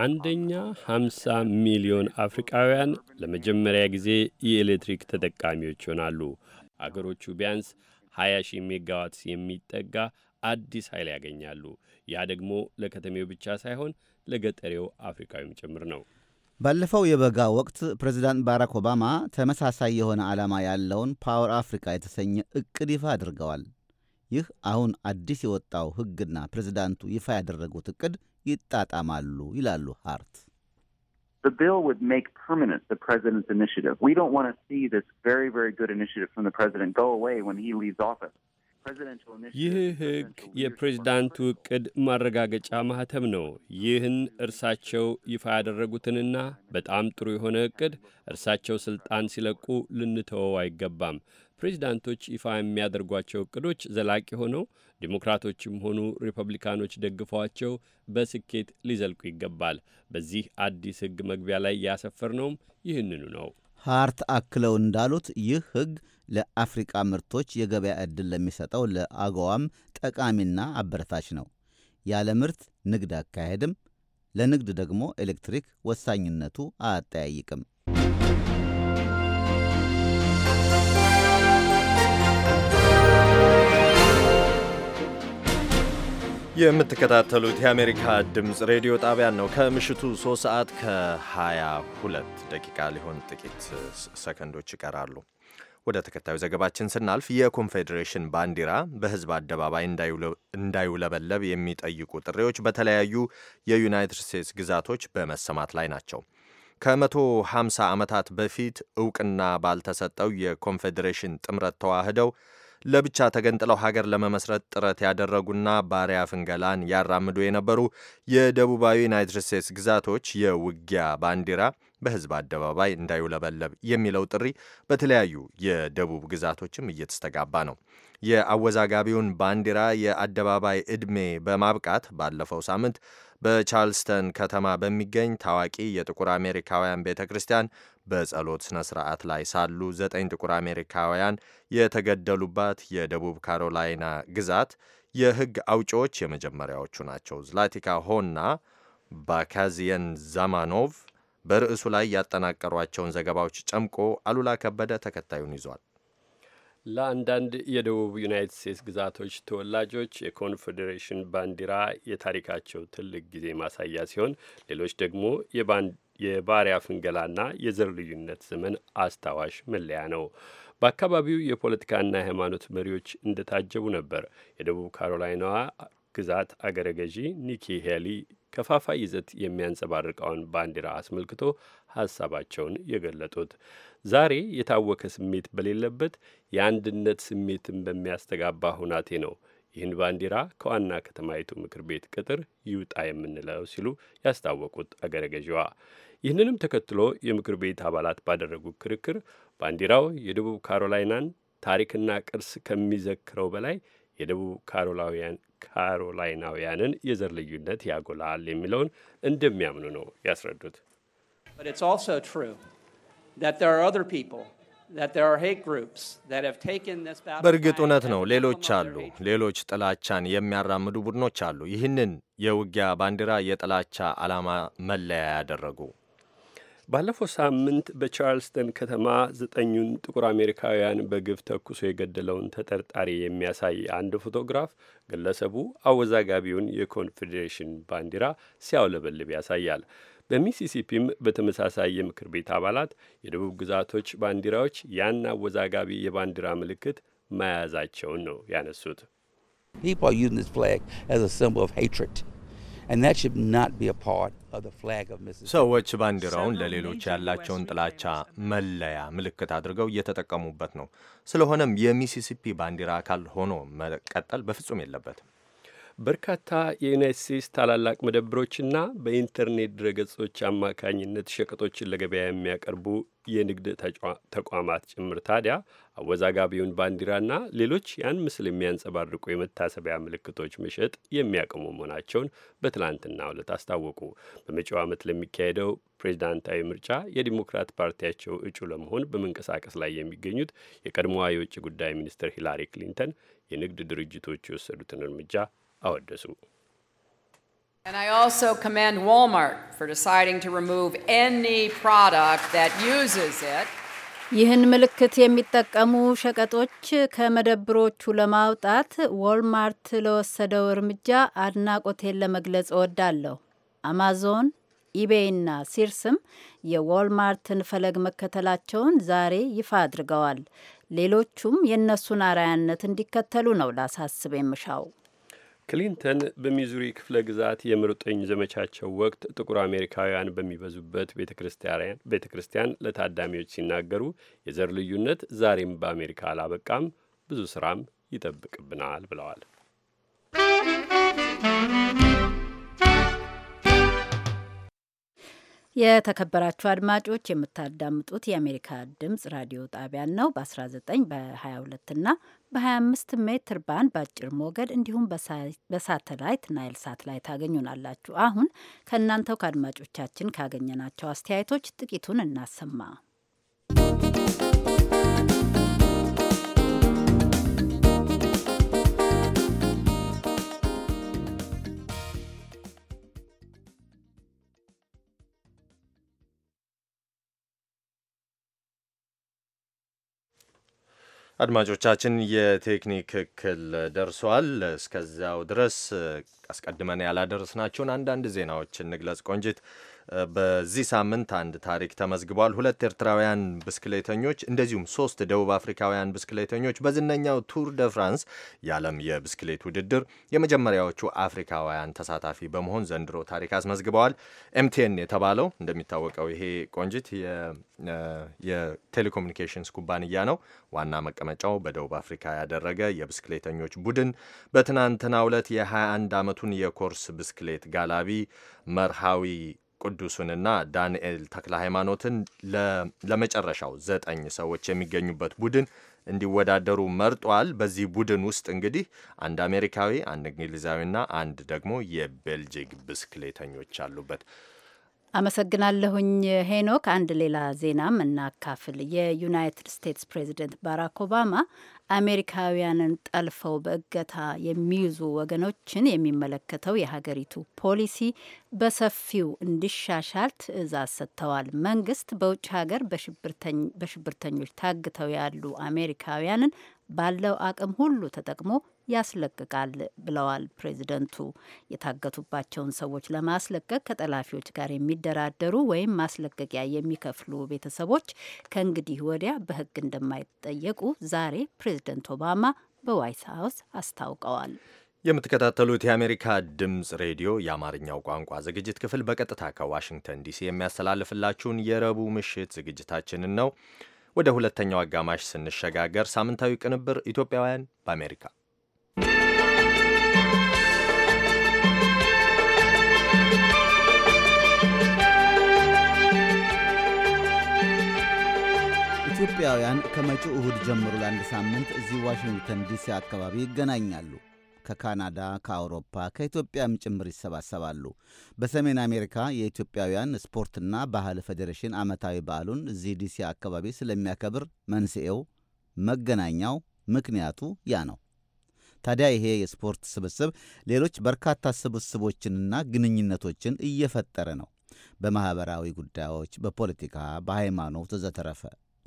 አንደኛ 50 ሚሊዮን አፍሪካውያን ለመጀመሪያ ጊዜ የኤሌክትሪክ ተጠቃሚዎች ይሆናሉ። አገሮቹ ቢያንስ 20 ሺህ ሜጋዋት የሚጠጋ አዲስ ኃይል ያገኛሉ። ያ ደግሞ ለከተሜው ብቻ ሳይሆን ለገጠሬው አፍሪካዊም ጭምር ነው። ባለፈው የበጋ ወቅት ፕሬዚዳንት ባራክ ኦባማ ተመሳሳይ የሆነ ዓላማ ያለውን ፓወር አፍሪካ የተሰኘ እቅድ ይፋ አድርገዋል። ይህ አሁን አዲስ የወጣው ሕግና ፕሬዚዳንቱ ይፋ ያደረጉት እቅድ ይጣጣማሉ ይላሉ ሃርት። the bill would make permanent the president's initiative. We don't want to see this very, very good initiative from the president go away when he leaves office. ይህ ሕግ የፕሬዝዳንቱ ዕቅድ ማረጋገጫ ማህተም ነው። ይህን እርሳቸው ይፋ ያደረጉትንና በጣም ጥሩ የሆነ ዕቅድ እርሳቸው ስልጣን ሲለቁ ልንተወው አይገባም። ፕሬዝዳንቶች ይፋ የሚያደርጓቸው ዕቅዶች ዘላቂ ሆነው ዲሞክራቶችም ሆኑ ሪፐብሊካኖች ደግፈዋቸው በስኬት ሊዘልቁ ይገባል። በዚህ አዲስ ሕግ መግቢያ ላይ ያሰፈር ነውም ይህንኑ ነው። ሀርት አክለው እንዳሉት ይህ ሕግ ለአፍሪቃ ምርቶች የገበያ ዕድል ለሚሰጠው ለአገዋም ጠቃሚና አበረታች ነው። ያለ ምርት ንግድ አካሄድም ለንግድ ደግሞ ኤሌክትሪክ ወሳኝነቱ አያጠያይቅም። የምትከታተሉት የአሜሪካ ድምፅ ሬዲዮ ጣቢያን ነው። ከምሽቱ 3 ሰዓት ከ22 ደቂቃ ሊሆን ጥቂት ሰከንዶች ይቀራሉ። ወደ ተከታዩ ዘገባችን ስናልፍ የኮንፌዴሬሽን ባንዲራ በሕዝብ አደባባይ እንዳይውለበለብ የሚጠይቁ ጥሪዎች በተለያዩ የዩናይትድ ስቴትስ ግዛቶች በመሰማት ላይ ናቸው። ከመቶ 50 ዓመታት በፊት እውቅና ባልተሰጠው የኮንፌዴሬሽን ጥምረት ተዋህደው ለብቻ ተገንጥለው ሀገር ለመመስረት ጥረት ያደረጉና ባሪያ ፍንገላን ያራምዱ የነበሩ የደቡባዊ ዩናይትድ ስቴትስ ግዛቶች የውጊያ ባንዲራ በሕዝብ አደባባይ እንዳይውለበለብ የሚለው ጥሪ በተለያዩ የደቡብ ግዛቶችም እየተስተጋባ ነው። የአወዛጋቢውን ባንዲራ የአደባባይ ዕድሜ በማብቃት ባለፈው ሳምንት በቻርልስተን ከተማ በሚገኝ ታዋቂ የጥቁር አሜሪካውያን ቤተ ክርስቲያን በጸሎት ሥነ ሥርዓት ላይ ሳሉ ዘጠኝ ጥቁር አሜሪካውያን የተገደሉባት የደቡብ ካሮላይና ግዛት የሕግ አውጪዎች የመጀመሪያዎቹ ናቸው። ዝላቲካ ሆና ባካዚየን ዛማኖቭ በርዕሱ ላይ ያጠናቀሯቸውን ዘገባዎች ጨምቆ አሉላ ከበደ ተከታዩን ይዟል። ለአንዳንድ የደቡብ ዩናይትድ ስቴትስ ግዛቶች ተወላጆች የኮንፌዴሬሽን ባንዲራ የታሪካቸው ትልቅ ጊዜ ማሳያ ሲሆን፣ ሌሎች ደግሞ የባሪያ ፍንገላና የዘር ልዩነት ዘመን አስታዋሽ መለያ ነው። በአካባቢው የፖለቲካና የሃይማኖት መሪዎች እንደታጀቡ ነበር የደቡብ ካሮላይናዋ ግዛት አገረ ገዢ ኒኪ ሄሊ ከፋፋይ ይዘት የሚያንጸባርቀውን ባንዲራ አስመልክቶ ሀሳባቸውን የገለጡት ዛሬ የታወከ ስሜት በሌለበት የአንድነት ስሜትን በሚያስተጋባ ሁናቴ ነው ይህን ባንዲራ ከዋና ከተማይቱ ምክር ቤት ቅጥር ይውጣ የምንለው ሲሉ ያስታወቁት አገረ ገዢዋ ይህንንም ተከትሎ የምክር ቤት አባላት ባደረጉት ክርክር ባንዲራው የደቡብ ካሮላይናን ታሪክና ቅርስ ከሚዘክረው በላይ የደቡብ ካሮላይናውያንን የዘር ልዩነት ያጎላል የሚለውን እንደሚያምኑ ነው ያስረዱት። በእርግጥ እውነት ነው። ሌሎች አሉ። ሌሎች ጥላቻን የሚያራምዱ ቡድኖች አሉ። ይህንን የውጊያ ባንዲራ የጥላቻ ዓላማ መለያ ያደረጉ ባለፈው ሳምንት በቻርልስተን ከተማ ዘጠኙን ጥቁር አሜሪካውያን በግፍ ተኩሶ የገደለውን ተጠርጣሪ የሚያሳይ አንድ ፎቶግራፍ ግለሰቡ አወዛጋቢውን የኮንፌዴሬሽን ባንዲራ ሲያውለበልብ ያሳያል። በሚሲሲፒም በተመሳሳይ የምክር ቤት አባላት የደቡብ ግዛቶች ባንዲራዎች ያን አወዛጋቢ የባንዲራ ምልክት መያዛቸውን ነው ያነሱት። People are using this flag as a symbol of hatred. ሰዎች ባንዲራውን ለሌሎች ያላቸውን ጥላቻ መለያ ምልክት አድርገው እየተጠቀሙበት ነው። ስለሆነም የሚሲሲፒ ባንዲራ አካል ሆኖ መቀጠል በፍጹም የለበትም። በርካታ የዩናይት ስቴትስ ታላላቅ መደብሮችና በኢንተርኔት ድረገጾች አማካኝነት ሸቀጦችን ለገበያ የሚያቀርቡ የንግድ ተቋማት ጭምር ታዲያ አወዛጋቢውን ባንዲራና ሌሎች ያን ምስል የሚያንጸባርቁ የመታሰቢያ ምልክቶች መሸጥ የሚያቅሙ መሆናቸውን በትላንትና ዕለት አስታወቁ። በመጪው ዓመት ለሚካሄደው ፕሬዚዳንታዊ ምርጫ የዲሞክራት ፓርቲያቸው እጩ ለመሆን በመንቀሳቀስ ላይ የሚገኙት የቀድሞዋ የውጭ ጉዳይ ሚኒስትር ሂላሪ ክሊንተን የንግድ ድርጅቶች የወሰዱትን እርምጃ አወደሱ። And I also commend Walmart for deciding to remove any product that uses it. ይህን ምልክት የሚጠቀሙ ሸቀጦች ከመደብሮቹ ለማውጣት ዎልማርት ለወሰደው እርምጃ አድናቆቴን ለመግለጽ እወዳለሁ። አማዞን፣ ኢቤይና ሲርስም የዎልማርትን ፈለግ መከተላቸውን ዛሬ ይፋ አድርገዋል። ሌሎቹም የእነሱን አርአያነት እንዲከተሉ ነው ላሳስብ የምሻው። ክሊንተን በሚዙሪ ክፍለ ግዛት የምርጠኝ ዘመቻቸው ወቅት ጥቁር አሜሪካውያን በሚበዙበት ቤተ ክርስቲያን ለታዳሚዎች ሲናገሩ የዘር ልዩነት ዛሬም በአሜሪካ አላበቃም፣ ብዙ ስራም ይጠብቅብናል ብለዋል። የተከበራችሁ አድማጮች የምታዳምጡት የአሜሪካ ድምጽ ራዲዮ ጣቢያን ነው። በ19 በ22 እና በ25 ሜትር ባንድ በአጭር ሞገድ እንዲሁም በሳተላይት ናይል ሳት ላይ ታገኙናላችሁ። አሁን ከእናንተው ከአድማጮቻችን ካገኘናቸው አስተያየቶች ጥቂቱን እናሰማ። አድማጮቻችን የቴክኒክ እክል ደርሷል። እስከዚያው ድረስ አስቀድመን ያላደረስናቸውን አንዳንድ ዜናዎችን እንግለጽ ቆንጅት በዚህ ሳምንት አንድ ታሪክ ተመዝግቧል። ሁለት ኤርትራውያን ብስክሌተኞች እንደዚሁም ሶስት ደቡብ አፍሪካውያን ብስክሌተኞች በዝነኛው ቱር ደ ፍራንስ የዓለም የብስክሌት ውድድር የመጀመሪያዎቹ አፍሪካውያን ተሳታፊ በመሆን ዘንድሮ ታሪክ አስመዝግበዋል። ኤምቲኤን የተባለው እንደሚታወቀው ይሄ ቆንጂት የቴሌኮሙኒኬሽንስ ኩባንያ ነው። ዋና መቀመጫው በደቡብ አፍሪካ ያደረገ የብስክሌተኞች ቡድን በትናንትናው ዕለት የ21 ዓመቱን የኮርስ ብስክሌት ጋላቢ መርሃዊ ቅዱስንና ዳንኤል ተክለ ሃይማኖትን ለመጨረሻው ዘጠኝ ሰዎች የሚገኙበት ቡድን እንዲወዳደሩ መርጧል። በዚህ ቡድን ውስጥ እንግዲህ አንድ አሜሪካዊ፣ አንድ እንግሊዛዊና አንድ ደግሞ የቤልጂክ ብስክሌተኞች አሉበት። አመሰግናለሁኝ ሄኖክ። አንድ ሌላ ዜናም እናካፍል። የዩናይትድ ስቴትስ ፕሬዚደንት ባራክ ኦባማ አሜሪካውያንን ጠልፈው በእገታ የሚይዙ ወገኖችን የሚመለከተው የሀገሪቱ ፖሊሲ በሰፊው እንዲሻሻል ትዕዛዝ ሰጥተዋል። መንግስት በውጭ ሀገር በሽብርተኞች ታግተው ያሉ አሜሪካውያንን ባለው አቅም ሁሉ ተጠቅሞ ያስለቅቃል ብለዋል ፕሬዚደንቱ። የታገቱባቸውን ሰዎች ለማስለቀቅ ከጠላፊዎች ጋር የሚደራደሩ ወይም ማስለቀቂያ የሚከፍሉ ቤተሰቦች ከእንግዲህ ወዲያ በሕግ እንደማይጠየቁ ዛሬ ፕሬዚደንት ኦባማ በዋይት ሀውስ አስታውቀዋል። የምትከታተሉት የአሜሪካ ድምፅ ሬዲዮ የአማርኛው ቋንቋ ዝግጅት ክፍል በቀጥታ ከዋሽንግተን ዲሲ የሚያስተላልፍላችሁን የረቡዕ ምሽት ዝግጅታችንን ነው። ወደ ሁለተኛው አጋማሽ ስንሸጋገር ሳምንታዊ ቅንብር ኢትዮጵያውያን በአሜሪካ ኢትዮጵያውያን ከመጪው እሁድ ጀምሮ ለአንድ ሳምንት እዚህ ዋሽንግተን ዲሲ አካባቢ ይገናኛሉ። ከካናዳ፣ ከአውሮፓ፣ ከኢትዮጵያም ጭምር ይሰባሰባሉ። በሰሜን አሜሪካ የኢትዮጵያውያን ስፖርትና ባህል ፌዴሬሽን ዓመታዊ በዓሉን እዚህ ዲሲ አካባቢ ስለሚያከብር መንስኤው፣ መገናኛው፣ ምክንያቱ ያ ነው። ታዲያ ይሄ የስፖርት ስብስብ ሌሎች በርካታ ስብስቦችንና ግንኙነቶችን እየፈጠረ ነው። በማኅበራዊ ጉዳዮች፣ በፖለቲካ፣ በሃይማኖት ዘተረፈ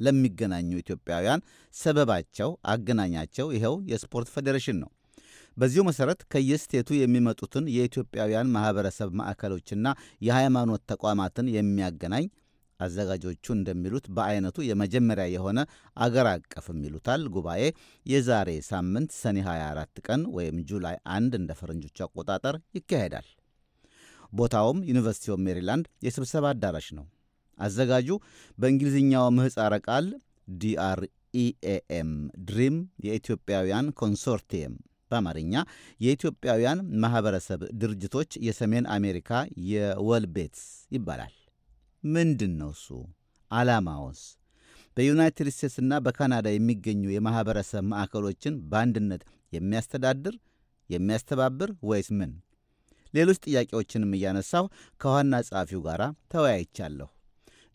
ለሚገናኙ ኢትዮጵያውያን ሰበባቸው አገናኛቸው ይኸው የስፖርት ፌዴሬሽን ነው። በዚሁ መሠረት ከየስቴቱ የሚመጡትን የኢትዮጵያውያን ማኅበረሰብ ማዕከሎችና የሃይማኖት ተቋማትን የሚያገናኝ አዘጋጆቹ እንደሚሉት በአይነቱ የመጀመሪያ የሆነ አገር አቀፍም ይሉታል ጉባኤ የዛሬ ሳምንት ሰኔ 24 ቀን ወይም ጁላይ 1 እንደ ፈረንጆቹ አቆጣጠር ይካሄዳል። ቦታውም ዩኒቨርሲቲ ኦፍ ሜሪላንድ የስብሰባ አዳራሽ ነው። አዘጋጁ በእንግሊዝኛው ምህፃረ ቃል ዲአርኢኤኤም ድሪም የኢትዮጵያውያን ኮንሶርቲየም በአማርኛ የኢትዮጵያውያን ማኅበረሰብ ድርጅቶች የሰሜን አሜሪካ የወል ቤትስ ይባላል። ምንድን ነው እሱ? ዓላማውስ? በዩናይትድ ስቴትስና በካናዳ የሚገኙ የማኅበረሰብ ማዕከሎችን በአንድነት የሚያስተዳድር የሚያስተባብር ወይስ ምን? ሌሎች ጥያቄዎችንም እያነሳሁ ከዋና ጸሐፊው ጋር ተወያይቻለሁ።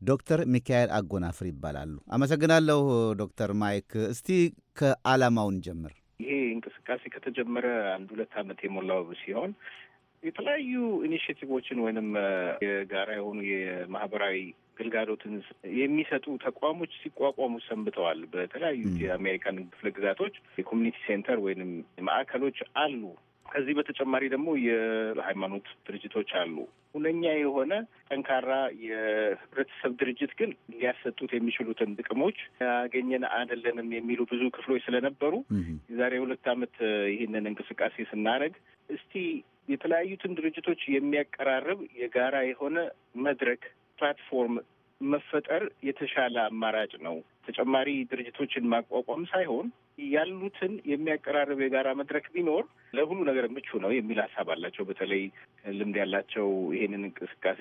ዶክተር ሚካኤል አጎናፍር ይባላሉ። አመሰግናለሁ ዶክተር ማይክ። እስቲ ከዓላማውን ጀምር። ይሄ እንቅስቃሴ ከተጀመረ አንድ ሁለት ዓመት የሞላው ሲሆን የተለያዩ ኢኒሽቲቮችን ወይንም የጋራ የሆኑ የማህበራዊ ግልጋሎትን የሚሰጡ ተቋሞች ሲቋቋሙ ሰንብተዋል። በተለያዩ የአሜሪካን ክፍለ ግዛቶች የኮሚኒቲ ሴንተር ወይንም ማዕከሎች አሉ። ከዚህ በተጨማሪ ደግሞ የሃይማኖት ድርጅቶች አሉ። ሁነኛ የሆነ ጠንካራ የህብረተሰብ ድርጅት ግን ሊያሰጡት የሚችሉትን ጥቅሞች ያገኘን አይደለንም የሚሉ ብዙ ክፍሎች ስለነበሩ የዛሬ ሁለት ዓመት ይህንን እንቅስቃሴ ስናደርግ እስቲ የተለያዩትን ድርጅቶች የሚያቀራርብ የጋራ የሆነ መድረክ ፕላትፎርም መፈጠር የተሻለ አማራጭ ነው። ተጨማሪ ድርጅቶችን ማቋቋም ሳይሆን ያሉትን የሚያቀራርብ የጋራ መድረክ ቢኖር ለሁሉ ነገር ምቹ ነው የሚል ሀሳብ አላቸው። በተለይ ልምድ ያላቸው ይሄንን እንቅስቃሴ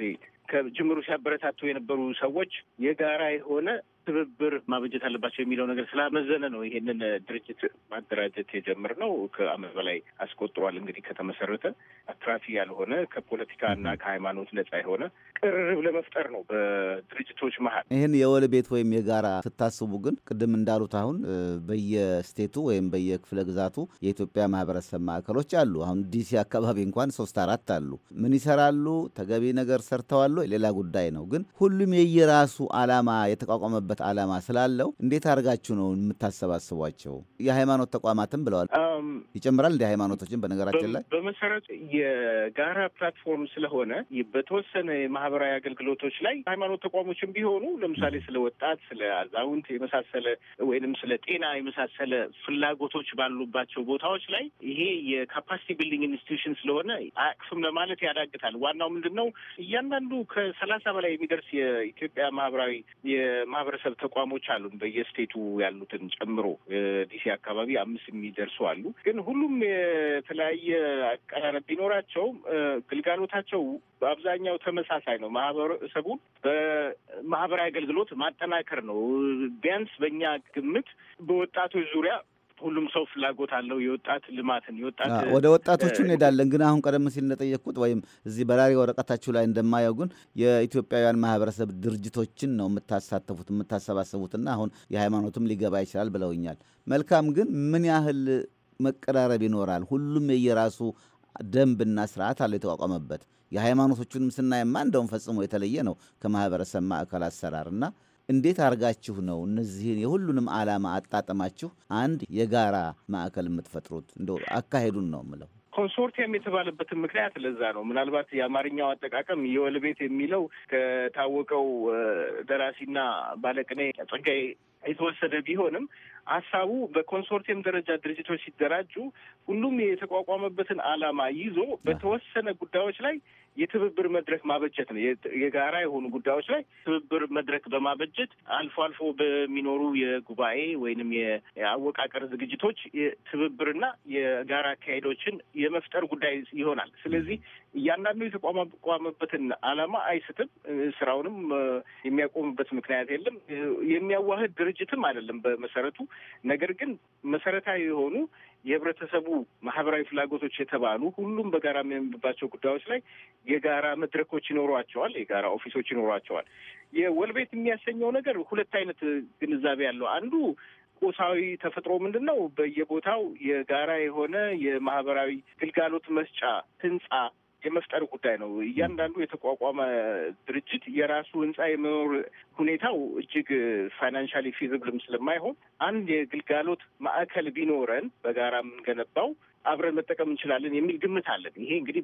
ከጅምሩ ሲያበረታቱ የነበሩ ሰዎች የጋራ የሆነ ትብብር ማበጀት አለባቸው የሚለው ነገር ስላመዘነ ነው ይሄንን ድርጅት ማደራጀት የጀመርነው። ከአመት በላይ አስቆጥሯል እንግዲህ ከተመሰረተ። አትራፊ ያልሆነ ከፖለቲካ እና ከሃይማኖት ነጻ የሆነ ቅርርብ ለመፍጠር ነው በድርጅቶች መሀል። ይህን የወል ቤት ወይም የጋራ ስታስቡ ግን ቅድም እንዳሉት አሁን በየስቴቱ ወይም በየክፍለ ግዛቱ የኢትዮጵያ ማህበረሰብ ማዕከሎች አሉ። አሁን ዲሲ አካባቢ እንኳን ሶስት አራት አሉ። ምን ይሰራሉ? ተገቢ ነገር ሰርተዋል? ሌላ ጉዳይ ነው። ግን ሁሉም የየራሱ አላማ የተቋቋመበት የማብቃት ዓላማ ስላለው እንዴት አድርጋችሁ ነው የምታሰባስቧቸው? የሃይማኖት ተቋማትም ብለዋል ይጨምራል እንደ ሃይማኖቶችን በነገራችን ላይ በመሰረት የጋራ ፕላትፎርም ስለሆነ በተወሰነ የማህበራዊ አገልግሎቶች ላይ ሃይማኖት ተቋሞችን ቢሆኑ ለምሳሌ ስለ ወጣት፣ ስለ አዛውንት የመሳሰለ ወይንም ስለ ጤና የመሳሰለ ፍላጎቶች ባሉባቸው ቦታዎች ላይ ይሄ የካፓሲቲ ቢልዲንግ ኢንስቲትዩሽን ስለሆነ አቅፍም ለማለት ያዳግታል። ዋናው ምንድን ነው እያንዳንዱ ከሰላሳ በላይ የሚደርስ የኢትዮጵያ ማህበራዊ የማህበረሰብ የግለሰብ ተቋሞች አሉ። በየስቴቱ ያሉትን ጨምሮ ዲሲ አካባቢ አምስት የሚደርሱ አሉ። ግን ሁሉም የተለያየ አቀራረብ ቢኖራቸውም ግልጋሎታቸው በአብዛኛው ተመሳሳይ ነው። ማህበረሰቡን በማህበራዊ አገልግሎት ማጠናከር ነው። ቢያንስ በእኛ ግምት በወጣቶች ዙሪያ ሁሉም ሰው ፍላጎት አለው የወጣት ልማትን የወጣት ወደ ወጣቶቹ እንሄዳለን። ግን አሁን ቀደም ሲል እንደጠየቅኩት ወይም እዚህ በራሪ ወረቀታችሁ ላይ እንደማየው ግን የኢትዮጵያውያን ማህበረሰብ ድርጅቶችን ነው የምታሳተፉት የምታሰባሰቡትና አሁን የሃይማኖትም ሊገባ ይችላል ብለውኛል። መልካም ግን ምን ያህል መቀራረብ ይኖራል? ሁሉም የየራሱ ደንብና ስርዓት አለው የተቋቋመበት። የሃይማኖቶቹንም ስናየማ እንደውም ፈጽሞ የተለየ ነው ከማህበረሰብ ማዕከል አሰራርና እንዴት አድርጋችሁ ነው እነዚህን የሁሉንም ዓላማ አጣጠማችሁ አንድ የጋራ ማዕከል የምትፈጥሩት? እንደ አካሄዱን ነው ምለው። ኮንሶርቲየም የተባለበትን ምክንያት ለዛ ነው። ምናልባት የአማርኛው አጠቃቀም የወል ቤት የሚለው ከታወቀው ደራሲና ባለቅኔ ጸጋዬ የተወሰደ ቢሆንም ሀሳቡ በኮንሶርቲየም ደረጃ ድርጅቶች ሲደራጁ ሁሉም የተቋቋመበትን ዓላማ ይዞ በተወሰነ ጉዳዮች ላይ የትብብር መድረክ ማበጀት ነው። የጋራ የሆኑ ጉዳዮች ላይ ትብብር መድረክ በማበጀት አልፎ አልፎ በሚኖሩ የጉባኤ ወይንም የአወቃቀር ዝግጅቶች ትብብርና የጋራ አካሄዶችን የመፍጠር ጉዳይ ይሆናል። ስለዚህ እያንዳንዱ የተቋቋመበትን ዓላማ አይስትም። ስራውንም የሚያቆምበት ምክንያት የለም። የሚያዋህድ ድርጅትም አይደለም በመሰረቱ። ነገር ግን መሰረታዊ የሆኑ የህብረተሰቡ ማህበራዊ ፍላጎቶች የተባሉ ሁሉም በጋራ የሚያምንባቸው ጉዳዮች ላይ የጋራ መድረኮች ይኖሯቸዋል፣ የጋራ ኦፊሶች ይኖሯቸዋል። የወልቤት የሚያሰኘው ነገር ሁለት አይነት ግንዛቤ ያለው አንዱ ቁሳዊ ተፈጥሮ ምንድን ነው? በየቦታው የጋራ የሆነ የማህበራዊ ግልጋሎት መስጫ ህንጻ የመፍጠር ጉዳይ ነው። እያንዳንዱ የተቋቋመ ድርጅት የራሱ ህንፃ የመኖር ሁኔታው እጅግ ፋይናንሻሊ ፊዚብልም ስለማይሆን አንድ የግልጋሎት ማዕከል ቢኖረን በጋራ የምንገነባው አብረን መጠቀም እንችላለን የሚል ግምት አለን። ይሄ እንግዲህ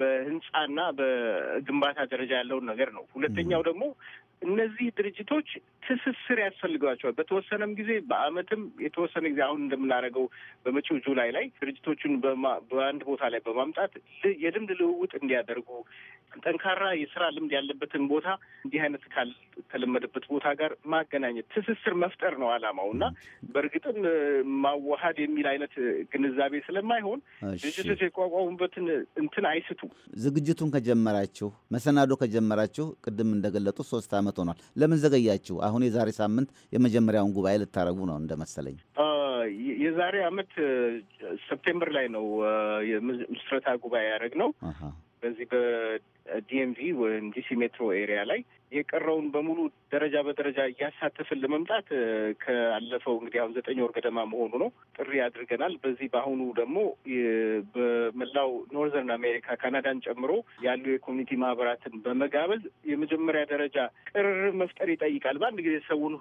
በህንፃና በግንባታ ደረጃ ያለውን ነገር ነው። ሁለተኛው ደግሞ እነዚህ ድርጅቶች ትስስር ያስፈልገዋቸዋል በተወሰነም ጊዜ በአመትም የተወሰነ ጊዜ አሁን እንደምናደርገው በመጪው ጁላይ ላይ ድርጅቶቹን በአንድ ቦታ ላይ በማምጣት የልምድ ልውውጥ እንዲያደርጉ ጠንካራ የስራ ልምድ ያለበትን ቦታ እንዲህ አይነት ካልተለመደበት ቦታ ጋር ማገናኘት ትስስር መፍጠር ነው አላማው እና በእርግጥም ማዋሃድ የሚል አይነት ግንዛቤ ስለማይሆን ድርጅቶች የተቋቋሙበትን እንትን አይስቱ። ዝግጅቱን ከጀመራችሁ መሰናዶ ከጀመራችሁ ቅድም እንደገለጡት ሶስት ዓመት ሆኗል። ለምን ዘገያችሁ? አሁን የዛሬ ሳምንት የመጀመሪያውን ጉባኤ ልታረጉ ነው እንደመሰለኝ። የዛሬ ዓመት ሰፕቴምበር ላይ ነው ምስረታ ጉባኤ ነው በዚህ በዲኤምቪ ወይም ዲሲ ሜትሮ ኤሪያ ላይ የቀረውን በሙሉ ደረጃ በደረጃ እያሳተፍን ለመምጣት ካለፈው እንግዲህ አሁን ዘጠኝ ወር ገደማ መሆኑ ነው ጥሪ አድርገናል። በዚህ በአሁኑ ደግሞ በመላው ኖርዘርን አሜሪካ ካናዳን ጨምሮ ያሉ የኮሚኒቲ ማህበራትን በመጋበዝ የመጀመሪያ ደረጃ ቅርርብ መፍጠር ይጠይቃል። በአንድ ጊዜ ሰውን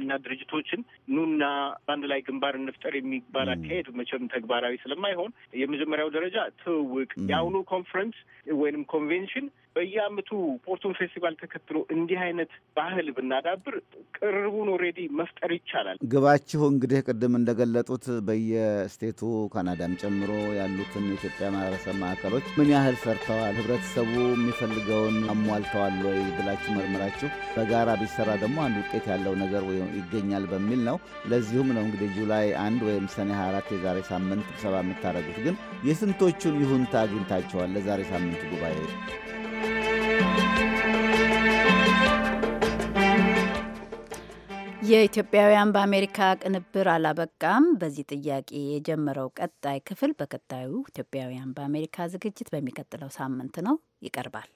እና ድርጅቶችን ኑና በአንድ ላይ ግንባር እንፍጠር የሚባል አካሄድ መቼም ተግባራዊ ስለማይሆን የመጀመሪያው ደረጃ ትውውቅ የአሁኑ ኮንፈረንስ ወይንም ኮንቬንሽን በየአመቱ ፖርቱም ፌስቲቫል ተከትሎ እንዲህ አይነት ባህል ብናዳብር ቅርቡን ኦልሬዲ መፍጠር ይቻላል። ግባችሁ እንግዲህ ቅድም እንደገለጡት በየስቴቱ ካናዳም ጨምሮ ያሉትን የኢትዮጵያ ማህበረሰብ ማዕከሎች ምን ያህል ሰርተዋል፣ ህብረተሰቡ የሚፈልገውን አሟልተዋል ወይ ብላችሁ መርምራችሁ በጋራ ቢሰራ ደግሞ አንድ ውጤት ያለው ነገር ይገኛል በሚል ነው። ለዚሁም ነው እንግዲህ ጁላይ አንድ ወይም ሰኔ 24 የዛሬ ሳምንት ስብሰባ የምታደርጉት። ግን የስንቶቹን ይሁንታ አግኝታቸዋል ለዛሬ ሳምንት ጉባኤ? የኢትዮጵያውያን በአሜሪካ ቅንብር አላበቃም። በዚህ ጥያቄ የጀመረው ቀጣይ ክፍል በቀጣዩ ኢትዮጵያውያን በአሜሪካ ዝግጅት በሚቀጥለው ሳምንት ነው ይቀርባል።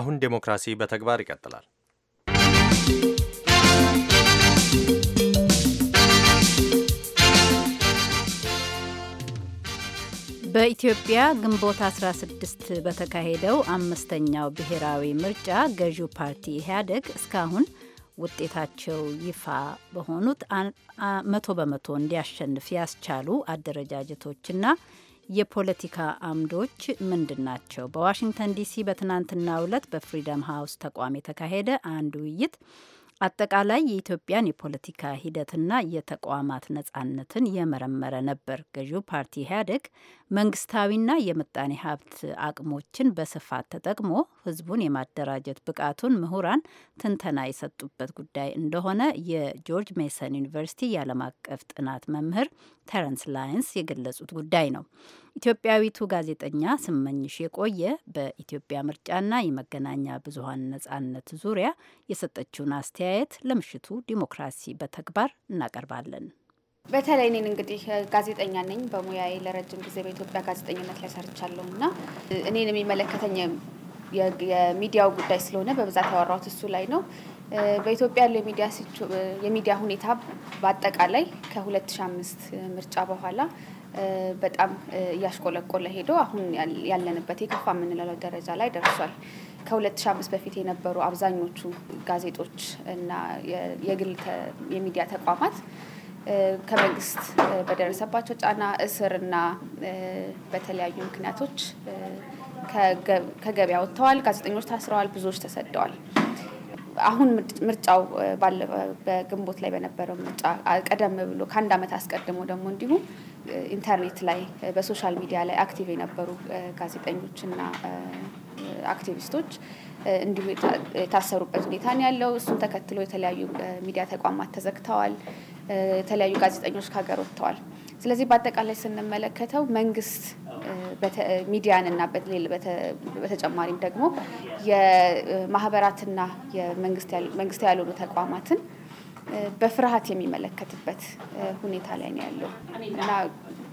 አሁን ዴሞክራሲ በተግባር ይቀጥላል። በኢትዮጵያ ግንቦት 16 በተካሄደው አምስተኛው ብሔራዊ ምርጫ ገዢው ፓርቲ ኢህአደግ እስካሁን ውጤታቸው ይፋ በሆኑት መቶ በመቶ እንዲያሸንፍ ያስቻሉ አደረጃጀቶችና የፖለቲካ አምዶች ምንድን ናቸው? በዋሽንግተን ዲሲ በትናንትናው ዕለት በፍሪደም ሃውስ ተቋም የተካሄደ አንድ ውይይት አጠቃላይ የኢትዮጵያን የፖለቲካ ሂደትና የተቋማት ነጻነትን የመረመረ ነበር። ገዢው ፓርቲ ኢህአዴግ መንግስታዊና የምጣኔ ሀብት አቅሞችን በስፋት ተጠቅሞ ህዝቡን የማደራጀት ብቃቱን ምሁራን ትንተና የሰጡበት ጉዳይ እንደሆነ የጆርጅ ሜሰን ዩኒቨርሲቲ የዓለም አቀፍ ጥናት መምህር ተረንስ ላይንስ የገለጹት ጉዳይ ነው። ኢትዮጵያዊቱ ጋዜጠኛ ስመኝሽ የቆየ በኢትዮጵያ ምርጫና የመገናኛ ብዙሀን ነጻነት ዙሪያ የሰጠችውን አስተያየት ለምሽቱ ዲሞክራሲ በተግባር እናቀርባለን። በተለይ እኔን እንግዲህ ጋዜጠኛ ነኝ በሙያዬ ለረጅም ጊዜ በኢትዮጵያ ጋዜጠኝነት ላይ ሰርቻለሁ እና እኔን የሚመለከተኝ የሚዲያው ጉዳይ ስለሆነ በብዛት ያወራሁት እሱ ላይ ነው። በኢትዮጵያ ያለው የሚዲያ ሁኔታ በአጠቃላይ ከ2005 ምርጫ በኋላ በጣም እያሽቆለቆለ ሄዶ አሁን ያለንበት የከፋ የምንለው ደረጃ ላይ ደርሷል። ከ2005 በፊት የነበሩ አብዛኞቹ ጋዜጦች እና የግል የሚዲያ ተቋማት ከመንግስት በደረሰባቸው ጫና፣ እስር እና በተለያዩ ምክንያቶች ከገበያ ወጥተዋል። ጋዜጠኞች ታስረዋል፣ ብዙዎች ተሰደዋል። አሁን ምርጫው በግንቦት ላይ በነበረው ምርጫ ቀደም ብሎ ከአንድ ዓመት አስቀድሞ ደግሞ እንዲሁም ኢንተርኔት ላይ በሶሻል ሚዲያ ላይ አክቲቭ የነበሩ ጋዜጠኞችና አክቲቪስቶች እንዲሁ የታሰሩበት ሁኔታ ነው ያለው። እሱን ተከትሎ የተለያዩ ሚዲያ ተቋማት ተዘግተዋል። የተለያዩ ጋዜጠኞች ከሀገር ወጥተዋል። ስለዚህ በአጠቃላይ ስንመለከተው መንግስት ሚዲያንና በተጨማሪም ደግሞ የማህበራትና መንግስት ያልሆኑ ተቋማትን በፍርሃት የሚመለከትበት ሁኔታ ላይ ነው ያለው እና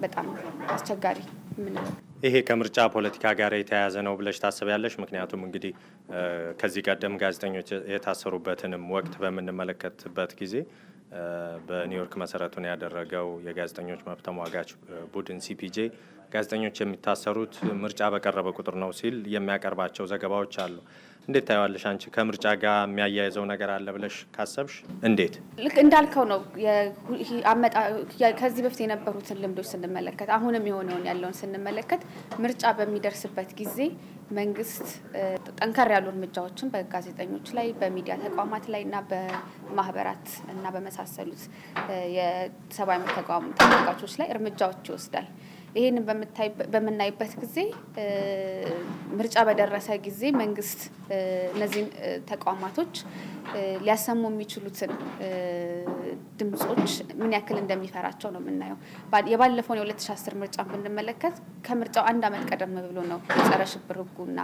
በጣም አስቸጋሪ የምንለው ይሄ ከምርጫ ፖለቲካ ጋር የተያያዘ ነው ብለሽ ታስቢያለሽ? ምክንያቱም እንግዲህ ከዚህ ቀደም ጋዜጠኞች የታሰሩበትንም ወቅት በምንመለከትበት ጊዜ በኒውዮርክ መሰረቱን ያደረገው የጋዜጠኞች መብት ተሟጋች ቡድን ሲፒጄ ጋዜጠኞች የሚታሰሩት ምርጫ በቀረበ ቁጥር ነው ሲል የሚያቀርባቸው ዘገባዎች አሉ። እንዴት ታየዋለሽ አንቺ? ከምርጫ ጋር የሚያያይዘው ነገር አለ ብለሽ ካሰብሽ እንዴት? ልክ እንዳልከው ነው። ከዚህ በፊት የነበሩትን ልምዶች ስንመለከት፣ አሁንም የሆነውን ያለውን ስንመለከት ምርጫ በሚደርስበት ጊዜ መንግስት ጠንከር ያሉ እርምጃዎችን በጋዜጠኞች ላይ በሚዲያ ተቋማት ላይ እና በማህበራት እና በመሳሰሉት የሰብአዊ መብት ተሟጋቾች ላይ እርምጃዎች ይወስዳል። ይህንን በምናይበት ጊዜ ምርጫ በደረሰ ጊዜ መንግስት እነዚህን ተቋማቶች ሊያሰሙ የሚችሉትን ድምጾች ምን ያክል እንደሚፈራቸው ነው የምናየው። የባለፈውን የ2010 ምርጫ ብንመለከት ከምርጫው አንድ ዓመት ቀደም ብሎ ነው የጸረ ሽብር ህጉና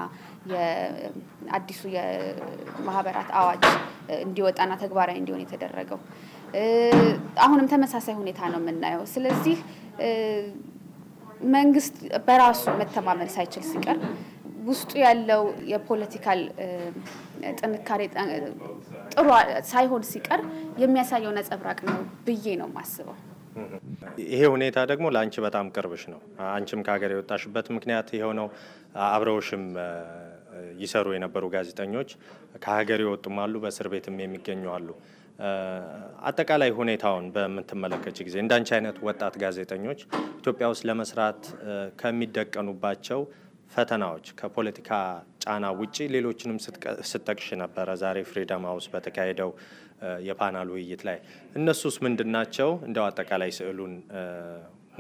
የአዲሱ የማህበራት አዋጅ እንዲወጣና ተግባራዊ እንዲሆን የተደረገው። አሁንም ተመሳሳይ ሁኔታ ነው የምናየው። ስለዚህ መንግስት በራሱ መተማመን ሳይችል ሲቀር ውስጡ ያለው የፖለቲካል ጥንካሬ ጥሩ ሳይሆን ሲቀር የሚያሳየው ነጸብራቅ ነው ብዬ ነው የማስበው። ይሄ ሁኔታ ደግሞ ለአንቺ በጣም ቅርብሽ ነው። አንቺም ከሀገር የወጣሽበት ምክንያት ይሄው ነው። አብረውሽም ይሰሩ የነበሩ ጋዜጠኞች ከሀገር የወጡም አሉ፣ በእስር ቤትም የሚገኙ አሉ። አጠቃላይ ሁኔታውን በምትመለከች ጊዜ እንዳንቺ አይነት ወጣት ጋዜጠኞች ኢትዮጵያ ውስጥ ለመስራት ከሚደቀኑባቸው ፈተናዎች ከፖለቲካ ጫና ውጪ ሌሎችንም ስጠቅሽ ነበረ። ዛሬ ፍሪደም ሀውስ በተካሄደው የፓናል ውይይት ላይ እነሱስ ምንድን ናቸው? እንደው አጠቃላይ ስዕሉን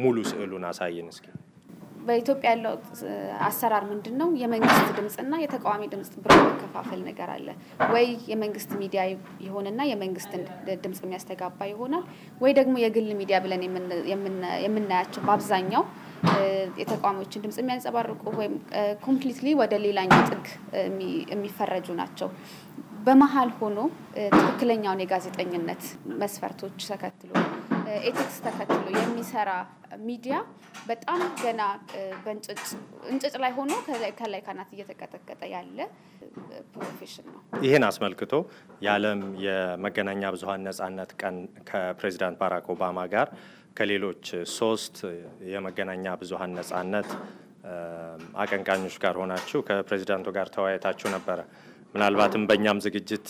ሙሉ ስዕሉን አሳይን እስኪ። በኢትዮጵያ ያለው አሰራር ምንድን ነው? የመንግስት ድምፅና የተቃዋሚ ድምፅ ብሎ መከፋፈል ነገር አለ ወይ? የመንግስት ሚዲያ ይሆንና የመንግስት ድምፅ የሚያስተጋባ ይሆናል ወይ ደግሞ የግል ሚዲያ ብለን የምናያቸው በአብዛኛው የተቃዋሚዎችን ድምፅ የሚያንጸባርቁ ወይም ኮምፕሊትሊ ወደ ሌላኛው ጥግ የሚፈረጁ ናቸው። በመሀል ሆኖ ትክክለኛውን የጋዜጠኝነት መስፈርቶች ተከትሎ ኤቲክስ ተከትሎ የሚሰራ ሚዲያ በጣም ገና እንጭጭ ላይ ሆኖ ከላይ ካናት እየተቀጠቀጠ ያለ ፕሮፌሽን ነው። ይህን አስመልክቶ የዓለም የመገናኛ ብዙኃን ነጻነት ቀን ከፕሬዚዳንት ባራክ ኦባማ ጋር ከሌሎች ሶስት የመገናኛ ብዙኃን ነጻነት አቀንቃኞች ጋር ሆናችሁ ከፕሬዚዳንቱ ጋር ተወያይታችሁ ነበረ። ምናልባትም በእኛም ዝግጅት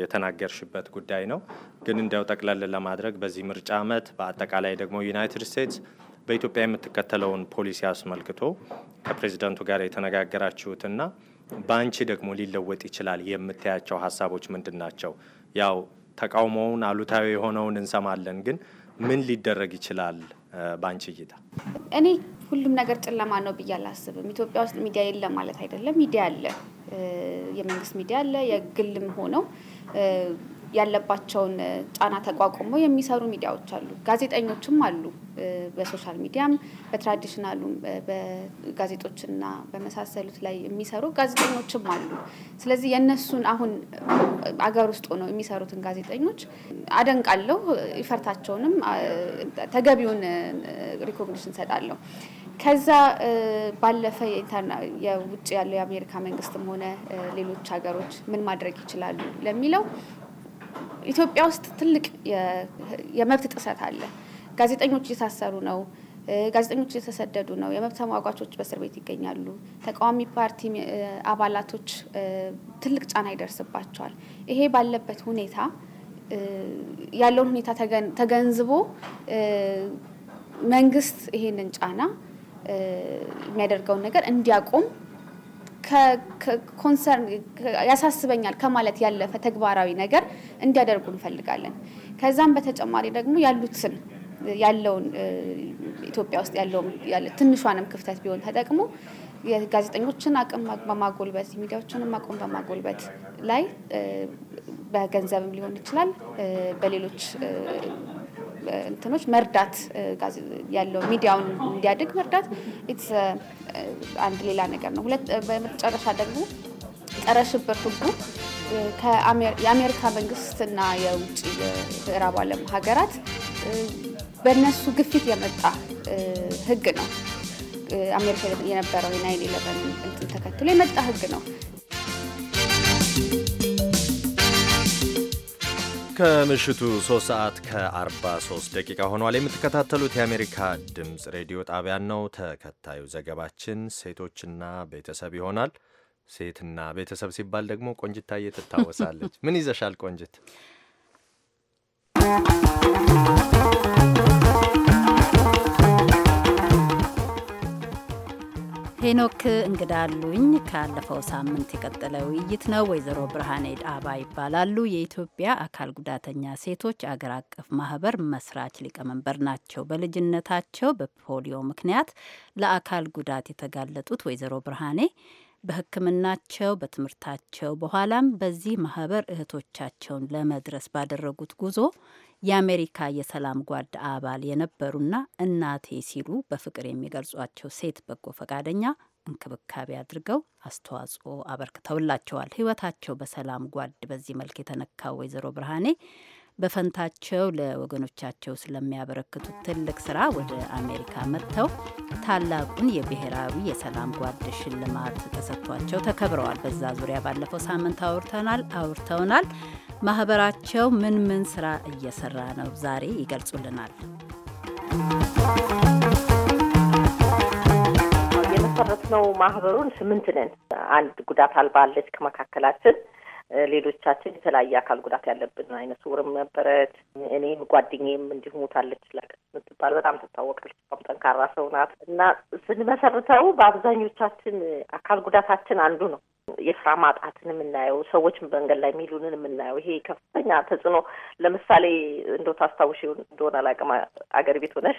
የተናገርሽበት ጉዳይ ነው። ግን እንደው ጠቅለል ለማድረግ በዚህ ምርጫ ዓመት በአጠቃላይ ደግሞ ዩናይትድ ስቴትስ በኢትዮጵያ የምትከተለውን ፖሊሲ አስመልክቶ ከፕሬዚደንቱ ጋር የተነጋገራችሁትና በአንቺ ደግሞ ሊለወጥ ይችላል የምታያቸው ሀሳቦች ምንድን ናቸው? ያው ተቃውሞውን አሉታዊ የሆነውን እንሰማለን፣ ግን ምን ሊደረግ ይችላል በአንቺ እይታ? እኔ ሁሉም ነገር ጨለማ ነው ብዬ አላስብም። ኢትዮጵያ ውስጥ ሚዲያ የለም ማለት አይደለም፣ ሚዲያ አለ። የመንግስት ሚዲያ አለ፣ የግልም ሆነው ያለባቸውን ጫና ተቋቁሞ የሚሰሩ ሚዲያዎች አሉ፣ ጋዜጠኞችም አሉ። በሶሻል ሚዲያም በትራዲሽናሉ በጋዜጦችና በመሳሰሉት ላይ የሚሰሩ ጋዜጠኞችም አሉ። ስለዚህ የእነሱን አሁን አገር ውስጥ ሆነው የሚሰሩትን ጋዜጠኞች አደንቃለሁ። ይፈርታቸውንም ተገቢውን ሪኮግኒሽን ሰጣለሁ። ከዛ ባለፈ የውጭ ያለው የአሜሪካ መንግስትም ሆነ ሌሎች ሀገሮች ምን ማድረግ ይችላሉ ለሚለው ኢትዮጵያ ውስጥ ትልቅ የመብት ጥሰት አለ። ጋዜጠኞች እየታሰሩ ነው። ጋዜጠኞች እየተሰደዱ ነው። የመብት ተሟጓቾች በእስር ቤት ይገኛሉ። ተቃዋሚ ፓርቲ አባላቶች ትልቅ ጫና ይደርስባቸዋል። ይሄ ባለበት ሁኔታ ያለውን ሁኔታ ተገንዝቦ መንግስት ይሄንን ጫና የሚያደርገውን ነገር እንዲያቆም ኮንሰርን ያሳስበኛል ከማለት ያለፈ ተግባራዊ ነገር እንዲያደርጉ እንፈልጋለን። ከዛም በተጨማሪ ደግሞ ያሉትን ያለውን ኢትዮጵያ ውስጥ ያለውን ትንሿንም ክፍተት ቢሆን ተጠቅሞ የጋዜጠኞችን አቅም በማጎልበት ሚዲያዎችንም አቅም በማጎልበት ላይ በገንዘብም ሊሆን ይችላል በሌሎች እንትኖች መርዳት ያለው ሚዲያውን እንዲያድግ መርዳት ኢትስ አንድ ሌላ ነገር ነው። ሁለት በመጨረሻ ደግሞ ጸረ ሽብር ህጉ የአሜሪካ መንግስት መንግስትና የውጭ ምዕራብ ዓለም ሀገራት በእነሱ ግፊት የመጣ ህግ ነው። አሜሪካ የነበረው የናይን ኢለቨን ተከትሎ የመጣ ህግ ነው። ከምሽቱ 3 ሰዓት ከ43 ደቂቃ ሆኗል። የምትከታተሉት የአሜሪካ ድምፅ ሬዲዮ ጣቢያን ነው። ተከታዩ ዘገባችን ሴቶችና ቤተሰብ ይሆናል። ሴትና ቤተሰብ ሲባል ደግሞ ቆንጅታዬ ትታወሳለች። ምን ይዘሻል ቆንጅት? ሄኖክ እንግዳሉኝ ካለፈው ሳምንት የቀጠለ ውይይት ነው። ወይዘሮ ብርሃኔ ዳባ ይባላሉ። የኢትዮጵያ አካል ጉዳተኛ ሴቶች አገር አቀፍ ማህበር መስራች ሊቀመንበር ናቸው። በልጅነታቸው በፖሊዮ ምክንያት ለአካል ጉዳት የተጋለጡት ወይዘሮ ብርሃኔ በሕክምናቸው በትምህርታቸው በኋላም በዚህ ማህበር እህቶቻቸውን ለመድረስ ባደረጉት ጉዞ የአሜሪካ የሰላም ጓድ አባል የነበሩና እናቴ ሲሉ በፍቅር የሚገልጿቸው ሴት በጎ ፈቃደኛ እንክብካቤ አድርገው አስተዋጽኦ አበርክተውላቸዋል። ሕይወታቸው በሰላም ጓድ በዚህ መልክ የተነካው ወይዘሮ ብርሃኔ በፈንታቸው ለወገኖቻቸው ስለሚያበረክቱት ትልቅ ስራ ወደ አሜሪካ መጥተው ታላቁን የብሔራዊ የሰላም ጓድ ሽልማት ተሰጥቷቸው ተከብረዋል። በዛ ዙሪያ ባለፈው ሳምንት አውርተናል አውርተውናል። ማህበራቸው ምን ምን ስራ እየሰራ ነው ዛሬ ይገልጹልናል። የመሰረትነው ማህበሩን ስምንት ነን። አንድ ጉዳት አልባ አለች ከመካከላችን ሌሎቻችን የተለያየ አካል ጉዳት ያለብን አይነ ስውርም ነበረች። እኔም ጓደኛዬም እንዲሁ ሞታለች። ላቀ ምትባል በጣም ትታወቃለች። በጣም ጠንካራ ሰው ናት እና ስንመሰርተው በአብዛኞቻችን አካል ጉዳታችን አንዱ ነው። የስራ ማጣትን የምናየው ሰዎች መንገድ ላይ የሚሉንን የምናየው ይሄ ከፍተኛ ተጽዕኖ ለምሳሌ እንደ ታስታውሽ እንደሆነ አላውቅም፣ አገር ቤት ሆነሽ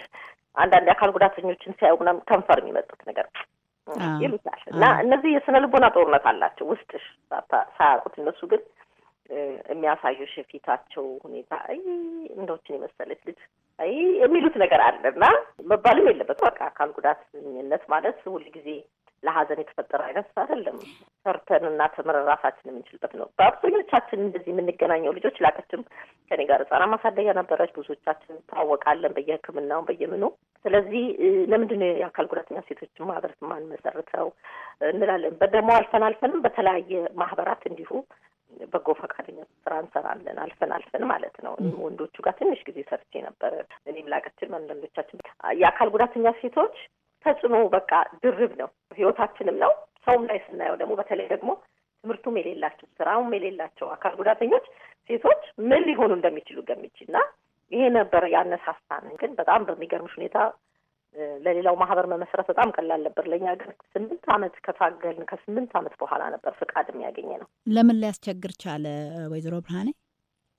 አንዳንድ የአካል ጉዳተኞችን ሲያዩ ምናምን ከንፈር የሚመጡት ነገር ይሉታል እና እነዚህ የስነ ልቦና ጦርነት አላቸው ውስጥሽ ሳያውቁት እነሱ ግን የሚያሳዩሽ የፊታቸው ሁኔታ አይ እንደዎችን የመሰለች ልጅ አይ የሚሉት ነገር አለ እና መባልም የለበት። በቃ አካል ጉዳተኝነት ማለት ሁል ጊዜ ለሀዘን የተፈጠረ አይነት አይደለም። ሰርተን እና ተምረን ራሳችን የምንችልበት ነው። በአብዛኞቻችን እንደዚህ የምንገናኘው ልጆች ላቀችም ከኔ ጋር ህጻናት ማሳደጊያ ነበረች። ብዙዎቻችን ታወቃለን በየህክምናው በየምኑ። ስለዚህ ለምንድን ነው የአካል ጉዳተኛ ሴቶች ማህበር ማንመሰርተው እንላለን። በደግሞ አልፈን አልፈንም በተለያየ ማህበራት እንዲሁ በጎ ፈቃደኛ ስራ እንሰራለን። አልፈን አልፈን ማለት ነው። ወንዶቹ ጋር ትንሽ ጊዜ ሰርቼ ነበረ እኔም ላቀችም አንዳንዶቻችን የአካል ጉዳተኛ ሴቶች ተጽዕኖ በቃ ድርብ ነው። ህይወታችንም ነው። ሰውም ላይ ስናየው ደግሞ በተለይ ደግሞ ትምህርቱም የሌላቸው ስራውም የሌላቸው አካል ጉዳተኞች ሴቶች ምን ሊሆኑ እንደሚችሉ ገምች እና ይሄ ነበር ያነሳሳን። ግን በጣም በሚገርምሽ ሁኔታ ለሌላው ማህበር መመስረት በጣም ቀላል ነበር። ለእኛ ግን ስምንት አመት ከታገልን ከስምንት አመት በኋላ ነበር ፍቃድ የሚያገኘ ነው። ለምን ሊያስቸግር ቻለ? ወይዘሮ ብርሃኔ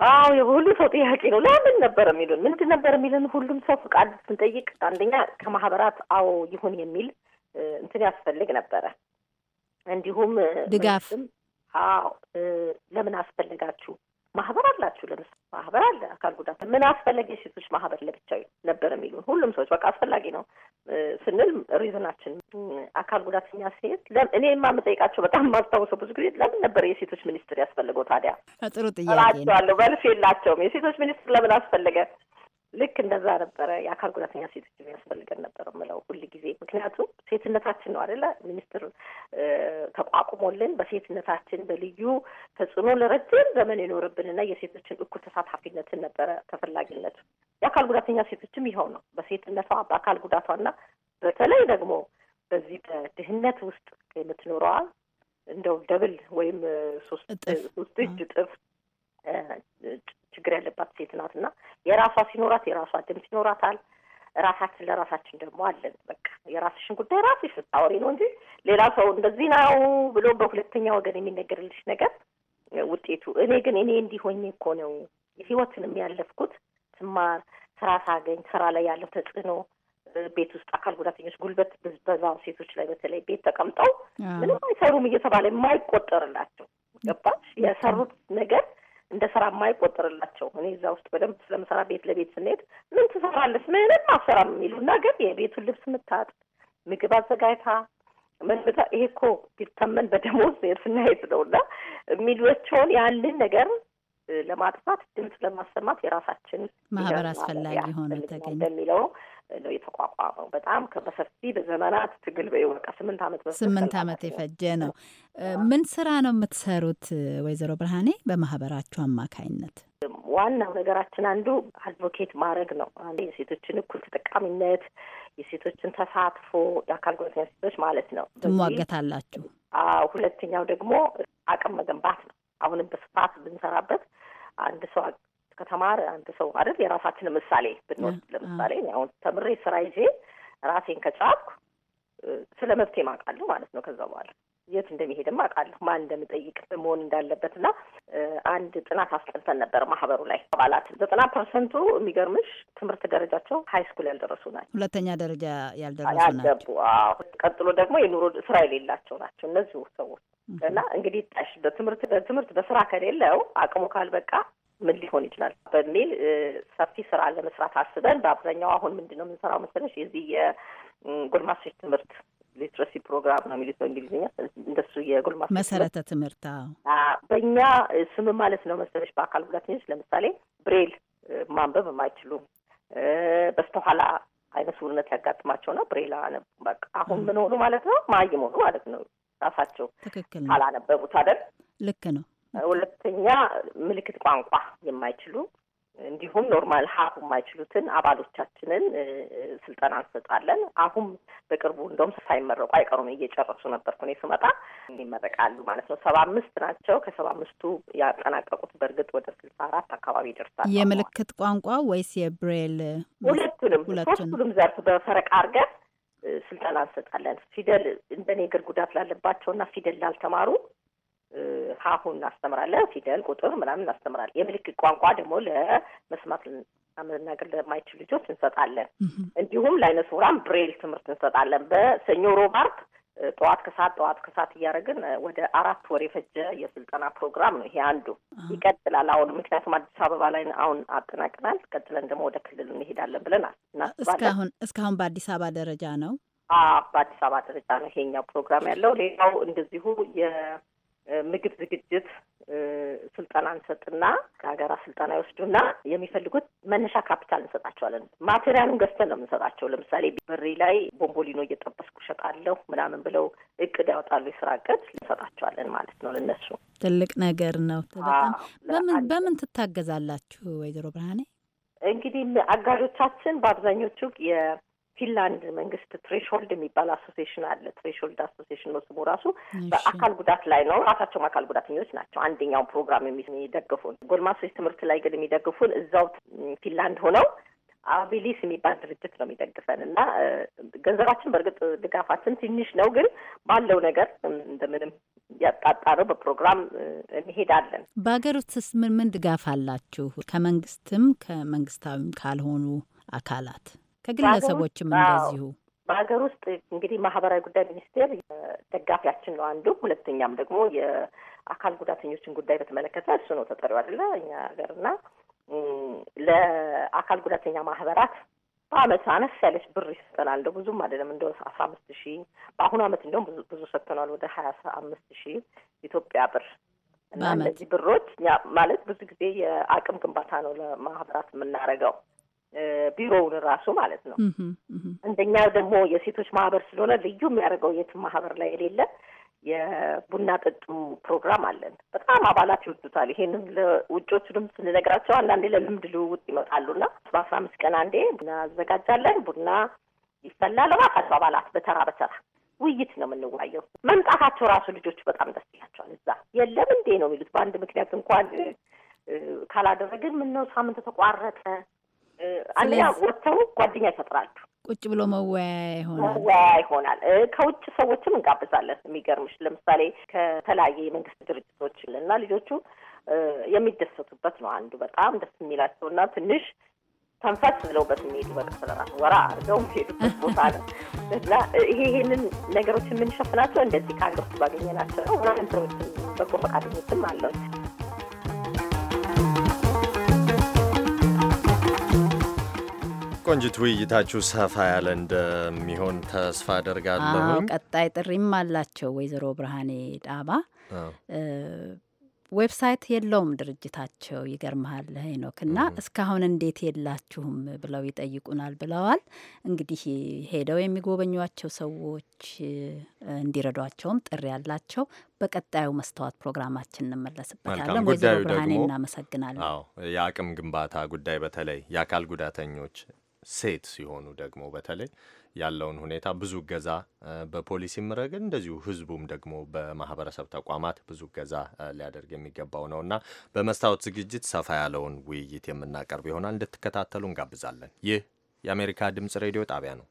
አዎ የሁሉ ሰው ጥያቄ ነው። ለምን ነበር የሚሉን ምንድን ነበር የሚልን ሁሉም ሰው ፍቃድ ስንጠይቅ አንደኛ ከማህበራት አዎ ይሁን የሚል እንትን ያስፈልግ ነበረ። እንዲሁም ድጋፍ አዎ ለምን አስፈልጋችሁ ማህበር አላችሁ? ለምሳሌ ማህበር አለ። አካል ጉዳት ምን አስፈለገ? የሴቶች ማህበር ለብቻ ነበር የሚሉን ሁሉም ሰዎች በቃ አስፈላጊ ነው ስንል ሪዝናችን አካል ጉዳተኛ ሴት እኔ የማመጠይቃቸው በጣም የማስታውሰው ብዙ ጊዜ ለምን ነበር የሴቶች ሚኒስትር ያስፈልገው ታዲያ ጥሩ ጥያቄ ነው። መልስ የላቸውም። የሴቶች ሚኒስትር ለምን አስፈለገ? ልክ እንደዛ ነበረ። የአካል ጉዳተኛ ሴቶች የሚያስፈልገን ነበር ምለው ሁል ጊዜ ምክንያቱም ሴትነታችን ነው አደለ ሚኒስትር ተቋቁሞልን በሴትነታችን በልዩ ተጽዕኖ ለረጅም ዘመን የኖርብንና የሴቶችን እኩል ተሳታፊነትን ነበረ ተፈላጊነቱ። የአካል ጉዳተኛ ሴቶችም ይኸው ነው። በሴትነቷ በአካል ጉዳቷና በተለይ ደግሞ በዚህ በድህነት ውስጥ የምትኖረዋ እንደው ደብል ወይም ሶስት እጅ ጥፍ ችግር ያለባት ሴት ናት እና የራሷ ሲኖራት የራሷ ድምፅ ይኖራታል። ራሳችን ለራሳችን ደግሞ አለን። በቃ የራስሽን ጉዳይ ራስሽ ስታወሪ ነው እንጂ ሌላ ሰው እንደዚህ ነው ብሎ በሁለተኛ ወገን የሚነገርልሽ ነገር ውጤቱ እኔ ግን እኔ እንዲሆኝ እኮ ነው ህይወትን የሚያለፍኩት ስማር፣ ስራ ሳገኝ፣ ስራ ላይ ያለው ተጽዕኖ ቤት ውስጥ አካል ጉዳተኞች ጉልበት ብዝበዛ ሴቶች ላይ በተለይ ቤት ተቀምጠው ምንም አይሰሩም እየተባለ የማይቆጠርላቸው ገባሽ የሰሩት ነገር እንደ ስራ የማይቆጠርላቸው እኔ እዛ ውስጥ በደንብ ስለምሰራ ቤት ለቤት ስንሄድ ምን ትሰራለች? ምንም የሚሉ እና ግን የቤቱን ልብስ ምታጥ ምግብ አዘጋጅታ ምን ይሄ እኮ ቢተመን በደሞዝ ስናየት ነው እና የሚሏቸውን ያንን ነገር ለማጥፋት ድምፅ ለማሰማት የራሳችን ማህበር አስፈላጊ ሆነ ተገኝ እንደሚለው ነው የተቋቋመው። በጣም በሰፊ በዘመናት ትግል በቃ ስምንት ዓመት ስምንት ዓመት የፈጀ ነው። ምን ስራ ነው የምትሰሩት ወይዘሮ ብርሃኔ በማህበራችሁ አማካይነት? ዋናው ነገራችን አንዱ አድቮኬት ማድረግ ነው። አንዱ የሴቶችን እኩል ተጠቃሚነት፣ የሴቶችን ተሳትፎ፣ የአካል ጉዳተኛ ሴቶች ማለት ነው ትሟገታላችሁ። ሁለተኛው ደግሞ አቅም መገንባት ነው። አሁንም በስፋት ብንሰራበት አንድ ሰው ከተማር አንድ ሰው አይደል የራሳችን ምሳሌ ብንወስድ ለምሳሌ አሁን ተምሬ ስራ ይዤ ራሴን ከቻልኩ ስለ መብቴ ማውቃለሁ ማለት ነው። ከዛ በኋላ የት እንደሚሄድም አውቃለሁ፣ ማን እንደምጠይቅ መሆን እንዳለበት እና አንድ ጥናት አስጠንተን ነበር ማህበሩ ላይ አባላት ዘጠና ፐርሰንቱ የሚገርምሽ ትምህርት ደረጃቸው ሀይ ስኩል ያልደረሱ ናቸው። ሁለተኛ ደረጃ ያልደረሱ ያልገቡ፣ ቀጥሎ ደግሞ የኑሮ ስራ የሌላቸው ናቸው እነዚሁ ሰዎች እና እንግዲህ ጠሽ በትምህርት በትምህርት በስራ ከሌለው አቅሙ ካልበቃ ምን ሊሆን ይችላል በሚል ሰፊ ስራ ለመስራት አስበን በአብዛኛው አሁን ምንድን ነው የምንሰራው መሰለሽ የዚህ የጎልማሶች ትምህርት ሊትረሲ ፕሮግራም ነው የሚሉት በእንግሊዝኛ። እንደሱ የጎልማሶች መሰረተ ትምህርት በእኛ ስም ማለት ነው መሰለሽ በአካል ጉዳተኞች ለምሳሌ ብሬል ማንበብ የማይችሉ በስተኋላ አይነ ስውርነት ያጋጥማቸው ነው ብሬል አነቡ በቃ አሁን ምን ሆኑ ማለት ነው ማይም ሆኑ ማለት ነው ራሳቸው ትክክል አላነበቡት አይደል ልክ ነው ሁለተኛ ምልክት ቋንቋ የማይችሉ እንዲሁም ኖርማል ሀሁ የማይችሉትን አባሎቻችንን ስልጠና እንሰጣለን። አሁን በቅርቡ እንደውም ሳይመረቁ አይቀሩም። እየጨረሱ ነበርኩ እኔ ስመጣ ይመረቃሉ ማለት ነው። ሰባ አምስት ናቸው። ከሰባ አምስቱ ያጠናቀቁት በእርግጥ ወደ ስልሳ አራት አካባቢ ይደርሳል። የምልክት ቋንቋ ወይስ የብሬል? ሁለቱንም ሶስቱንም ዘርፍ በፈረቃ አድርገን ስልጠና እንሰጣለን። ፊደል እንደኔ እግር ጉዳት ላለባቸውና ፊደል ላልተማሩ ሀሁ እናስተምራለን፣ ፊደል፣ ቁጥር ምናምን እናስተምራለን። የምልክት ቋንቋ ደግሞ ለመስማት መናገር ለማይችሉ ልጆች እንሰጣለን። እንዲሁም ለአይነ ስውራን ብሬል ትምህርት እንሰጣለን። በሰኞ ሮባርት ጠዋት ከሰዓት ጠዋት ከሰዓት እያደረግን ወደ አራት ወር የፈጀ የስልጠና ፕሮግራም ነው። ይሄ አንዱ ይቀጥላል። አሁን ምክንያቱም አዲስ አበባ ላይ አሁን አጠናቅናል። ቀጥለን ደግሞ ወደ ክልል እንሄዳለን ብለናል። እናስባለን። እስካሁን እስካሁን በአዲስ አበባ ደረጃ ነው። በአዲስ አበባ ደረጃ ነው ይሄኛው ፕሮግራም ያለው። ሌላው እንደዚሁ ምግብ ዝግጅት ስልጠና እንሰጥና ከሀገራ ስልጠና ይወስዱና የሚፈልጉት መነሻ ካፒታል እንሰጣቸዋለን። ማቴሪያሉን ገዝተን ነው የምንሰጣቸው። ለምሳሌ በሬ ላይ ቦምቦሊኖ እየጠበስኩ እሸጣለሁ ምናምን ብለው እቅድ ያወጣሉ። የስራ እቅድ እንሰጣቸዋለን ማለት ነው። ለነሱ ትልቅ ነገር ነው። በምን በምን ትታገዛላችሁ ወይዘሮ ብርሃኔ? እንግዲህ አጋዦቻችን በአብዛኞቹ ፊንላንድ መንግስት ትሬሽሆልድ የሚባል አሶሴሽን አለ። ትሬሽሆልድ አሶሴሽን ነው ስሙ ራሱ። በአካል ጉዳት ላይ ነው። ራሳቸውም አካል ጉዳተኞች ናቸው። አንደኛውን ፕሮግራም የሚደግፉን ጎልማሶች ትምህርት ላይ ግን የሚደግፉን እዛው ፊንላንድ ሆነው አቢሊስ የሚባል ድርጅት ነው የሚደግፈን እና ገንዘባችን በእርግጥ ድጋፋችን ትንሽ ነው፣ ግን ባለው ነገር እንደምንም ነው። በፕሮግራም እንሄዳለን። በሀገር ውስጥስ ምን ምን ድጋፍ አላችሁ? ከመንግስትም ከመንግስታዊም ካልሆኑ አካላት ከግለሰቦችም እንደዚሁ በሀገር ውስጥ እንግዲህ ማህበራዊ ጉዳይ ሚኒስቴር ደጋፊያችን ነው አንዱ። ሁለተኛም ደግሞ የአካል ጉዳተኞችን ጉዳይ በተመለከተ እሱ ነው ተጠሪው አይደለ እኛ ሀገር ሀገርና ለአካል ጉዳተኛ ማህበራት በአመት አነስ ያለች ብር ይሰጠናል። እንደው ብዙም አይደለም እንደ አስራ አምስት ሺህ በአሁኑ አመት እንደውም ብዙ ሰጥተናል ወደ ሀያ አምስት ሺህ ኢትዮጵያ ብር እና እነዚህ ብሮች ማለት ብዙ ጊዜ የአቅም ግንባታ ነው ለማህበራት የምናደርገው ቢሮውን ራሱ ማለት ነው። አንደኛ ደግሞ የሴቶች ማህበር ስለሆነ ልዩ የሚያደርገው የትም ማህበር ላይ የሌለ የቡና ጠጡ ፕሮግራም አለን። በጣም አባላት ይወዱታል። ይሄንም ለውጮቹንም ስንነግራቸው አንዳንዴ ለልምድ ልውውጥ ይመጣሉና በአስራ አምስት ቀን አንዴ ቡና አዘጋጃለን። ቡና ይፈላል። እባካቸው አባላት በተራ በተራ ውይይት ነው የምንወያየው። መምጣታቸው ራሱ ልጆቹ በጣም ደስ ይላቸዋል። እዛ የለም እንዴ ነው የሚሉት። በአንድ ምክንያት እንኳን ካላደረግን ምነው ሳምንት ተቋረጠ አንደኛ ወጥተው ጓደኛ ይፈጥራሉ። ቁጭ ብሎ መወያያ ይሆናል መወያያ ይሆናል። ከውጭ ሰዎችም እንጋብዛለን። የሚገርምሽ ለምሳሌ ከተለያየ የመንግስት ድርጅቶች እና ልጆቹ የሚደሰቱበት ነው። አንዱ በጣም ደስ የሚላቸው እና ትንሽ ተንፈስ ብለውበት የሚሄዱ በቀስ ለራሱ ወራ አርገው የሚሄዱበት ቦታ ነው እና ይሄ ይሄንን ነገሮች የምንሸፍናቸው እንደዚህ ከአንድ ውስጥ ባገኘናቸው ነው። ወንድሮች በጎ ፈቃደኞችም አለው ቆንጅት ውይይታችሁ ሰፋ ያለ እንደሚሆን ተስፋ አደርጋለሁ። ቀጣይ ጥሪም አላቸው ወይዘሮ ብርሃኔ ዳባ። ዌብሳይት የለውም ድርጅታቸው። ይገርመሃል ሄኖክ እና እስካሁን እንዴት የላችሁም ብለው ይጠይቁናል ብለዋል። እንግዲህ ሄደው የሚጎበኟቸው ሰዎች እንዲረዷቸውም ጥሪ ያላቸው በቀጣዩ መስተዋት ፕሮግራማችን እንመለስበታለን። ወይዘሮ ብርሃኔ እናመሰግናለን። የአቅም ግንባታ ጉዳይ በተለይ የአካል ጉዳተኞች ሴት ሲሆኑ ደግሞ በተለይ ያለውን ሁኔታ ብዙ እገዛ በፖሊሲም ረገድ እንደዚሁ ህዝቡም ደግሞ በማህበረሰብ ተቋማት ብዙ እገዛ ሊያደርግ የሚገባው ነውና በመስታወት ዝግጅት ሰፋ ያለውን ውይይት የምናቀርብ ይሆናል። እንድትከታተሉ እንጋብዛለን። ይህ የአሜሪካ ድምጽ ሬዲዮ ጣቢያ ነው።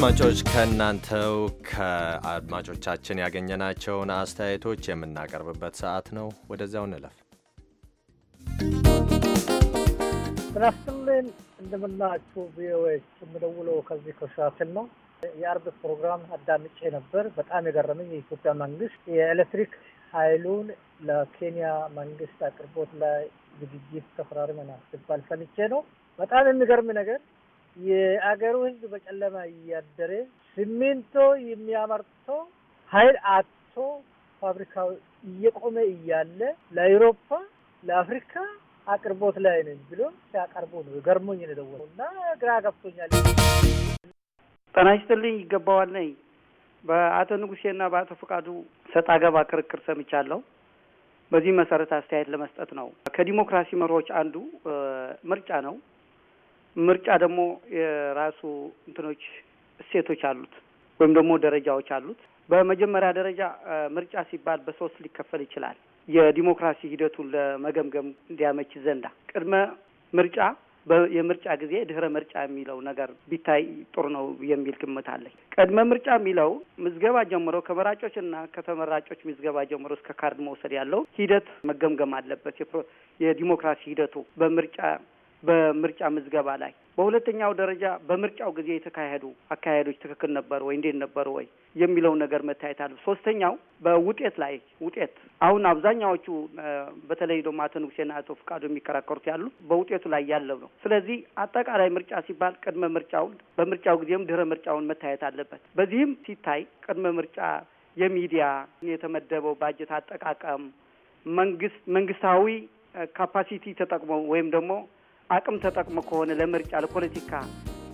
አድማጮች ከእናንተው ከአድማጮቻችን ያገኘናቸውን አስተያየቶች የምናቀርብበት ሰዓት ነው። ወደዚያው እንለፍ። ስናስትልን እንደምናችሁ ቪኦኤዎች የምደውለው ከዚህ ከሻትን ነው። የአርብ ፕሮግራም አዳምጬ ነበር። በጣም የገረመኝ የኢትዮጵያ መንግስት የኤሌክትሪክ ኃይሉን ለኬንያ መንግስት አቅርቦት ላይ ዝግጅት ተፈራርመናል ሲባል ሰምቼ ነው። በጣም የሚገርም ነገር የአገሩ ህዝብ በጨለማ እያደረ ሲሚንቶ የሚያመርቶ ኃይል አቶ ፋብሪካው እየቆመ እያለ ለአውሮፓ ለአፍሪካ አቅርቦት ላይ ነኝ ብሎ ሲያቀርቡ ነው ገርሞኝ ነው እና ግራ ገብቶኛል። ጤና ይስጥልኝ። ይገባዋል ነኝ በአቶ ንጉሴና በአቶ ፈቃዱ ሰጥ አገባ ክርክር ሰምቻለሁ። በዚህ መሰረት አስተያየት ለመስጠት ነው። ከዲሞክራሲ መርሆች አንዱ ምርጫ ነው። ምርጫ ደግሞ የራሱ እንትኖች እሴቶች አሉት ወይም ደግሞ ደረጃዎች አሉት። በመጀመሪያ ደረጃ ምርጫ ሲባል በሶስት ሊከፈል ይችላል። የዲሞክራሲ ሂደቱን ለመገምገም እንዲያመች ዘንዳ ቅድመ ምርጫ፣ የምርጫ ጊዜ፣ ድህረ ምርጫ የሚለው ነገር ቢታይ ጥሩ ነው የሚል ግምት አለኝ። ቅድመ ምርጫ የሚለው ምዝገባ ጀምሮ ከመራጮች ከተመራጮች ምዝገባ ጀምሮ እስከ ካርድ መውሰድ ያለው ሂደት መገምገም አለበት። የዲሞክራሲ ሂደቱ በምርጫ በምርጫ ምዝገባ ላይ። በሁለተኛው ደረጃ በምርጫው ጊዜ የተካሄዱ አካሄዶች ትክክል ነበሩ ወይ እንዴት ነበሩ ወይ የሚለው ነገር መታየት አለ። ሶስተኛው በውጤት ላይ ውጤት አሁን አብዛኛዎቹ በተለይ ደግሞ አቶ ንጉሴና አቶ ፍቃዱ የሚከራከሩት ያሉ በውጤቱ ላይ ያለው ነው። ስለዚህ አጠቃላይ ምርጫ ሲባል ቅድመ ምርጫውን፣ በምርጫው ጊዜም ድህረ ምርጫውን መታየት አለበት። በዚህም ሲታይ ቅድመ ምርጫ የሚዲያ የተመደበው ባጀት አጠቃቀም መንግስት መንግስታዊ ካፓሲቲ ተጠቅሞ ወይም ደግሞ አቅም ተጠቅሞ ከሆነ ለምርጫ ለፖለቲካ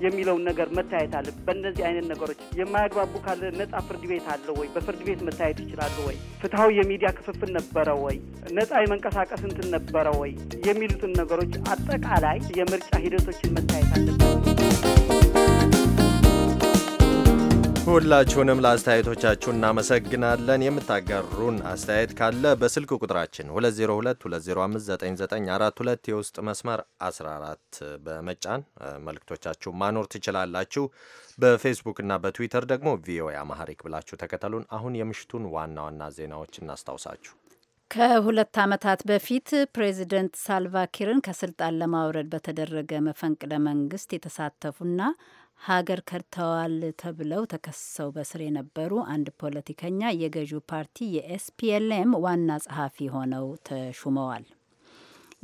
የሚለውን ነገር መታየት አለ። በእነዚህ አይነት ነገሮች የማያግባቡ ካለ ነጻ ፍርድ ቤት አለ ወይ? በፍርድ ቤት መታየት ይችላሉ ወይ? ፍትሐዊ የሚዲያ ክፍፍል ነበረ ወይ? ነጻ የመንቀሳቀስ እንትን ነበረ ወይ? የሚሉትን ነገሮች አጠቃላይ የምርጫ ሂደቶችን መታየት አለበት። ሁላችሁንም ለአስተያየቶቻችሁ እናመሰግናለን። የምታጋሩን አስተያየት ካለ በስልክ ቁጥራችን 2022059942 የውስጥ መስመር 14 በመጫን መልእክቶቻችሁ ማኖር ትችላላችሁ። በፌስቡክ እና በትዊተር ደግሞ ቪኦኤ አማሐሪክ ብላችሁ ተከተሉን። አሁን የምሽቱን ዋና ዋና ዜናዎች እናስታውሳችሁ። ከሁለት ዓመታት በፊት ፕሬዚደንት ሳልቫኪርን ከስልጣን ለማውረድ በተደረገ መፈንቅለ መንግስት የተሳተፉና ሀገር ከድተዋል ተብለው ተከሰው በስር የነበሩ አንድ ፖለቲከኛ የገዢው ፓርቲ የኤስፒኤልኤም ዋና ጸሐፊ ሆነው ተሹመዋል።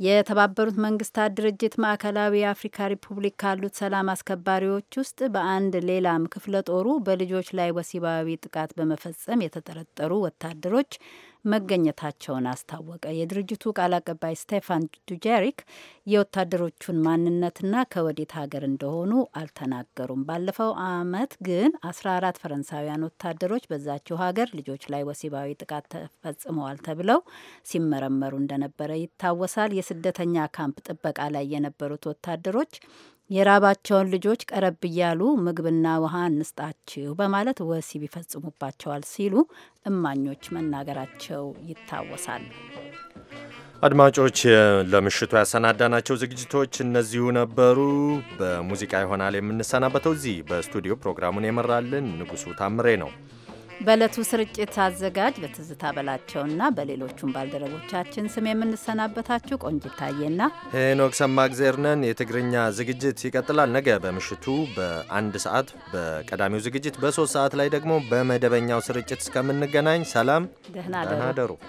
የተባበሩት መንግስታት ድርጅት ማዕከላዊ የአፍሪካ ሪፑብሊክ ካሉት ሰላም አስከባሪዎች ውስጥ በአንድ ሌላም ክፍለ ጦሩ በልጆች ላይ ወሲባዊ ጥቃት በመፈጸም የተጠረጠሩ ወታደሮች መገኘታቸውን አስታወቀ። የድርጅቱ ቃል አቀባይ ስቴፋን ዱጀሪክ የወታደሮቹን ማንነትና ከወዴት ሀገር እንደሆኑ አልተናገሩም። ባለፈው አመት ግን 14 ፈረንሳውያን ወታደሮች በዛችው ሀገር ልጆች ላይ ወሲባዊ ጥቃት ተፈጽመዋል ተብለው ሲመረመሩ እንደነበረ ይታወሳል። የስደተኛ ካምፕ ጥበቃ ላይ የነበሩት ወታደሮች የራባቸውን ልጆች ቀረብ እያሉ ምግብና ውሃ እንስጣችሁ በማለት ወሲብ ይፈጽሙባቸዋል ሲሉ እማኞች መናገራቸው ይታወሳል። አድማጮች፣ ለምሽቱ ያሰናዳናቸው ዝግጅቶች እነዚሁ ነበሩ። በሙዚቃ ይሆናል የምንሰናበተው። እዚህ በስቱዲዮ ፕሮግራሙን የመራልን ንጉሱ ታምሬ ነው። በዕለቱ ስርጭት አዘጋጅ በትዝታ በላቸውና በሌሎቹም ባልደረቦቻችን ስም የምንሰናበታችሁ ቆንጅት ታዬና ሄኖክ ሰማእግዜር ነን። የትግርኛ ዝግጅት ይቀጥላል። ነገ በምሽቱ በአንድ ሰዓት በቀዳሚው ዝግጅት፣ በሶስት ሰዓት ላይ ደግሞ በመደበኛው ስርጭት እስከምንገናኝ ሰላም፣ ደህና ደሩ።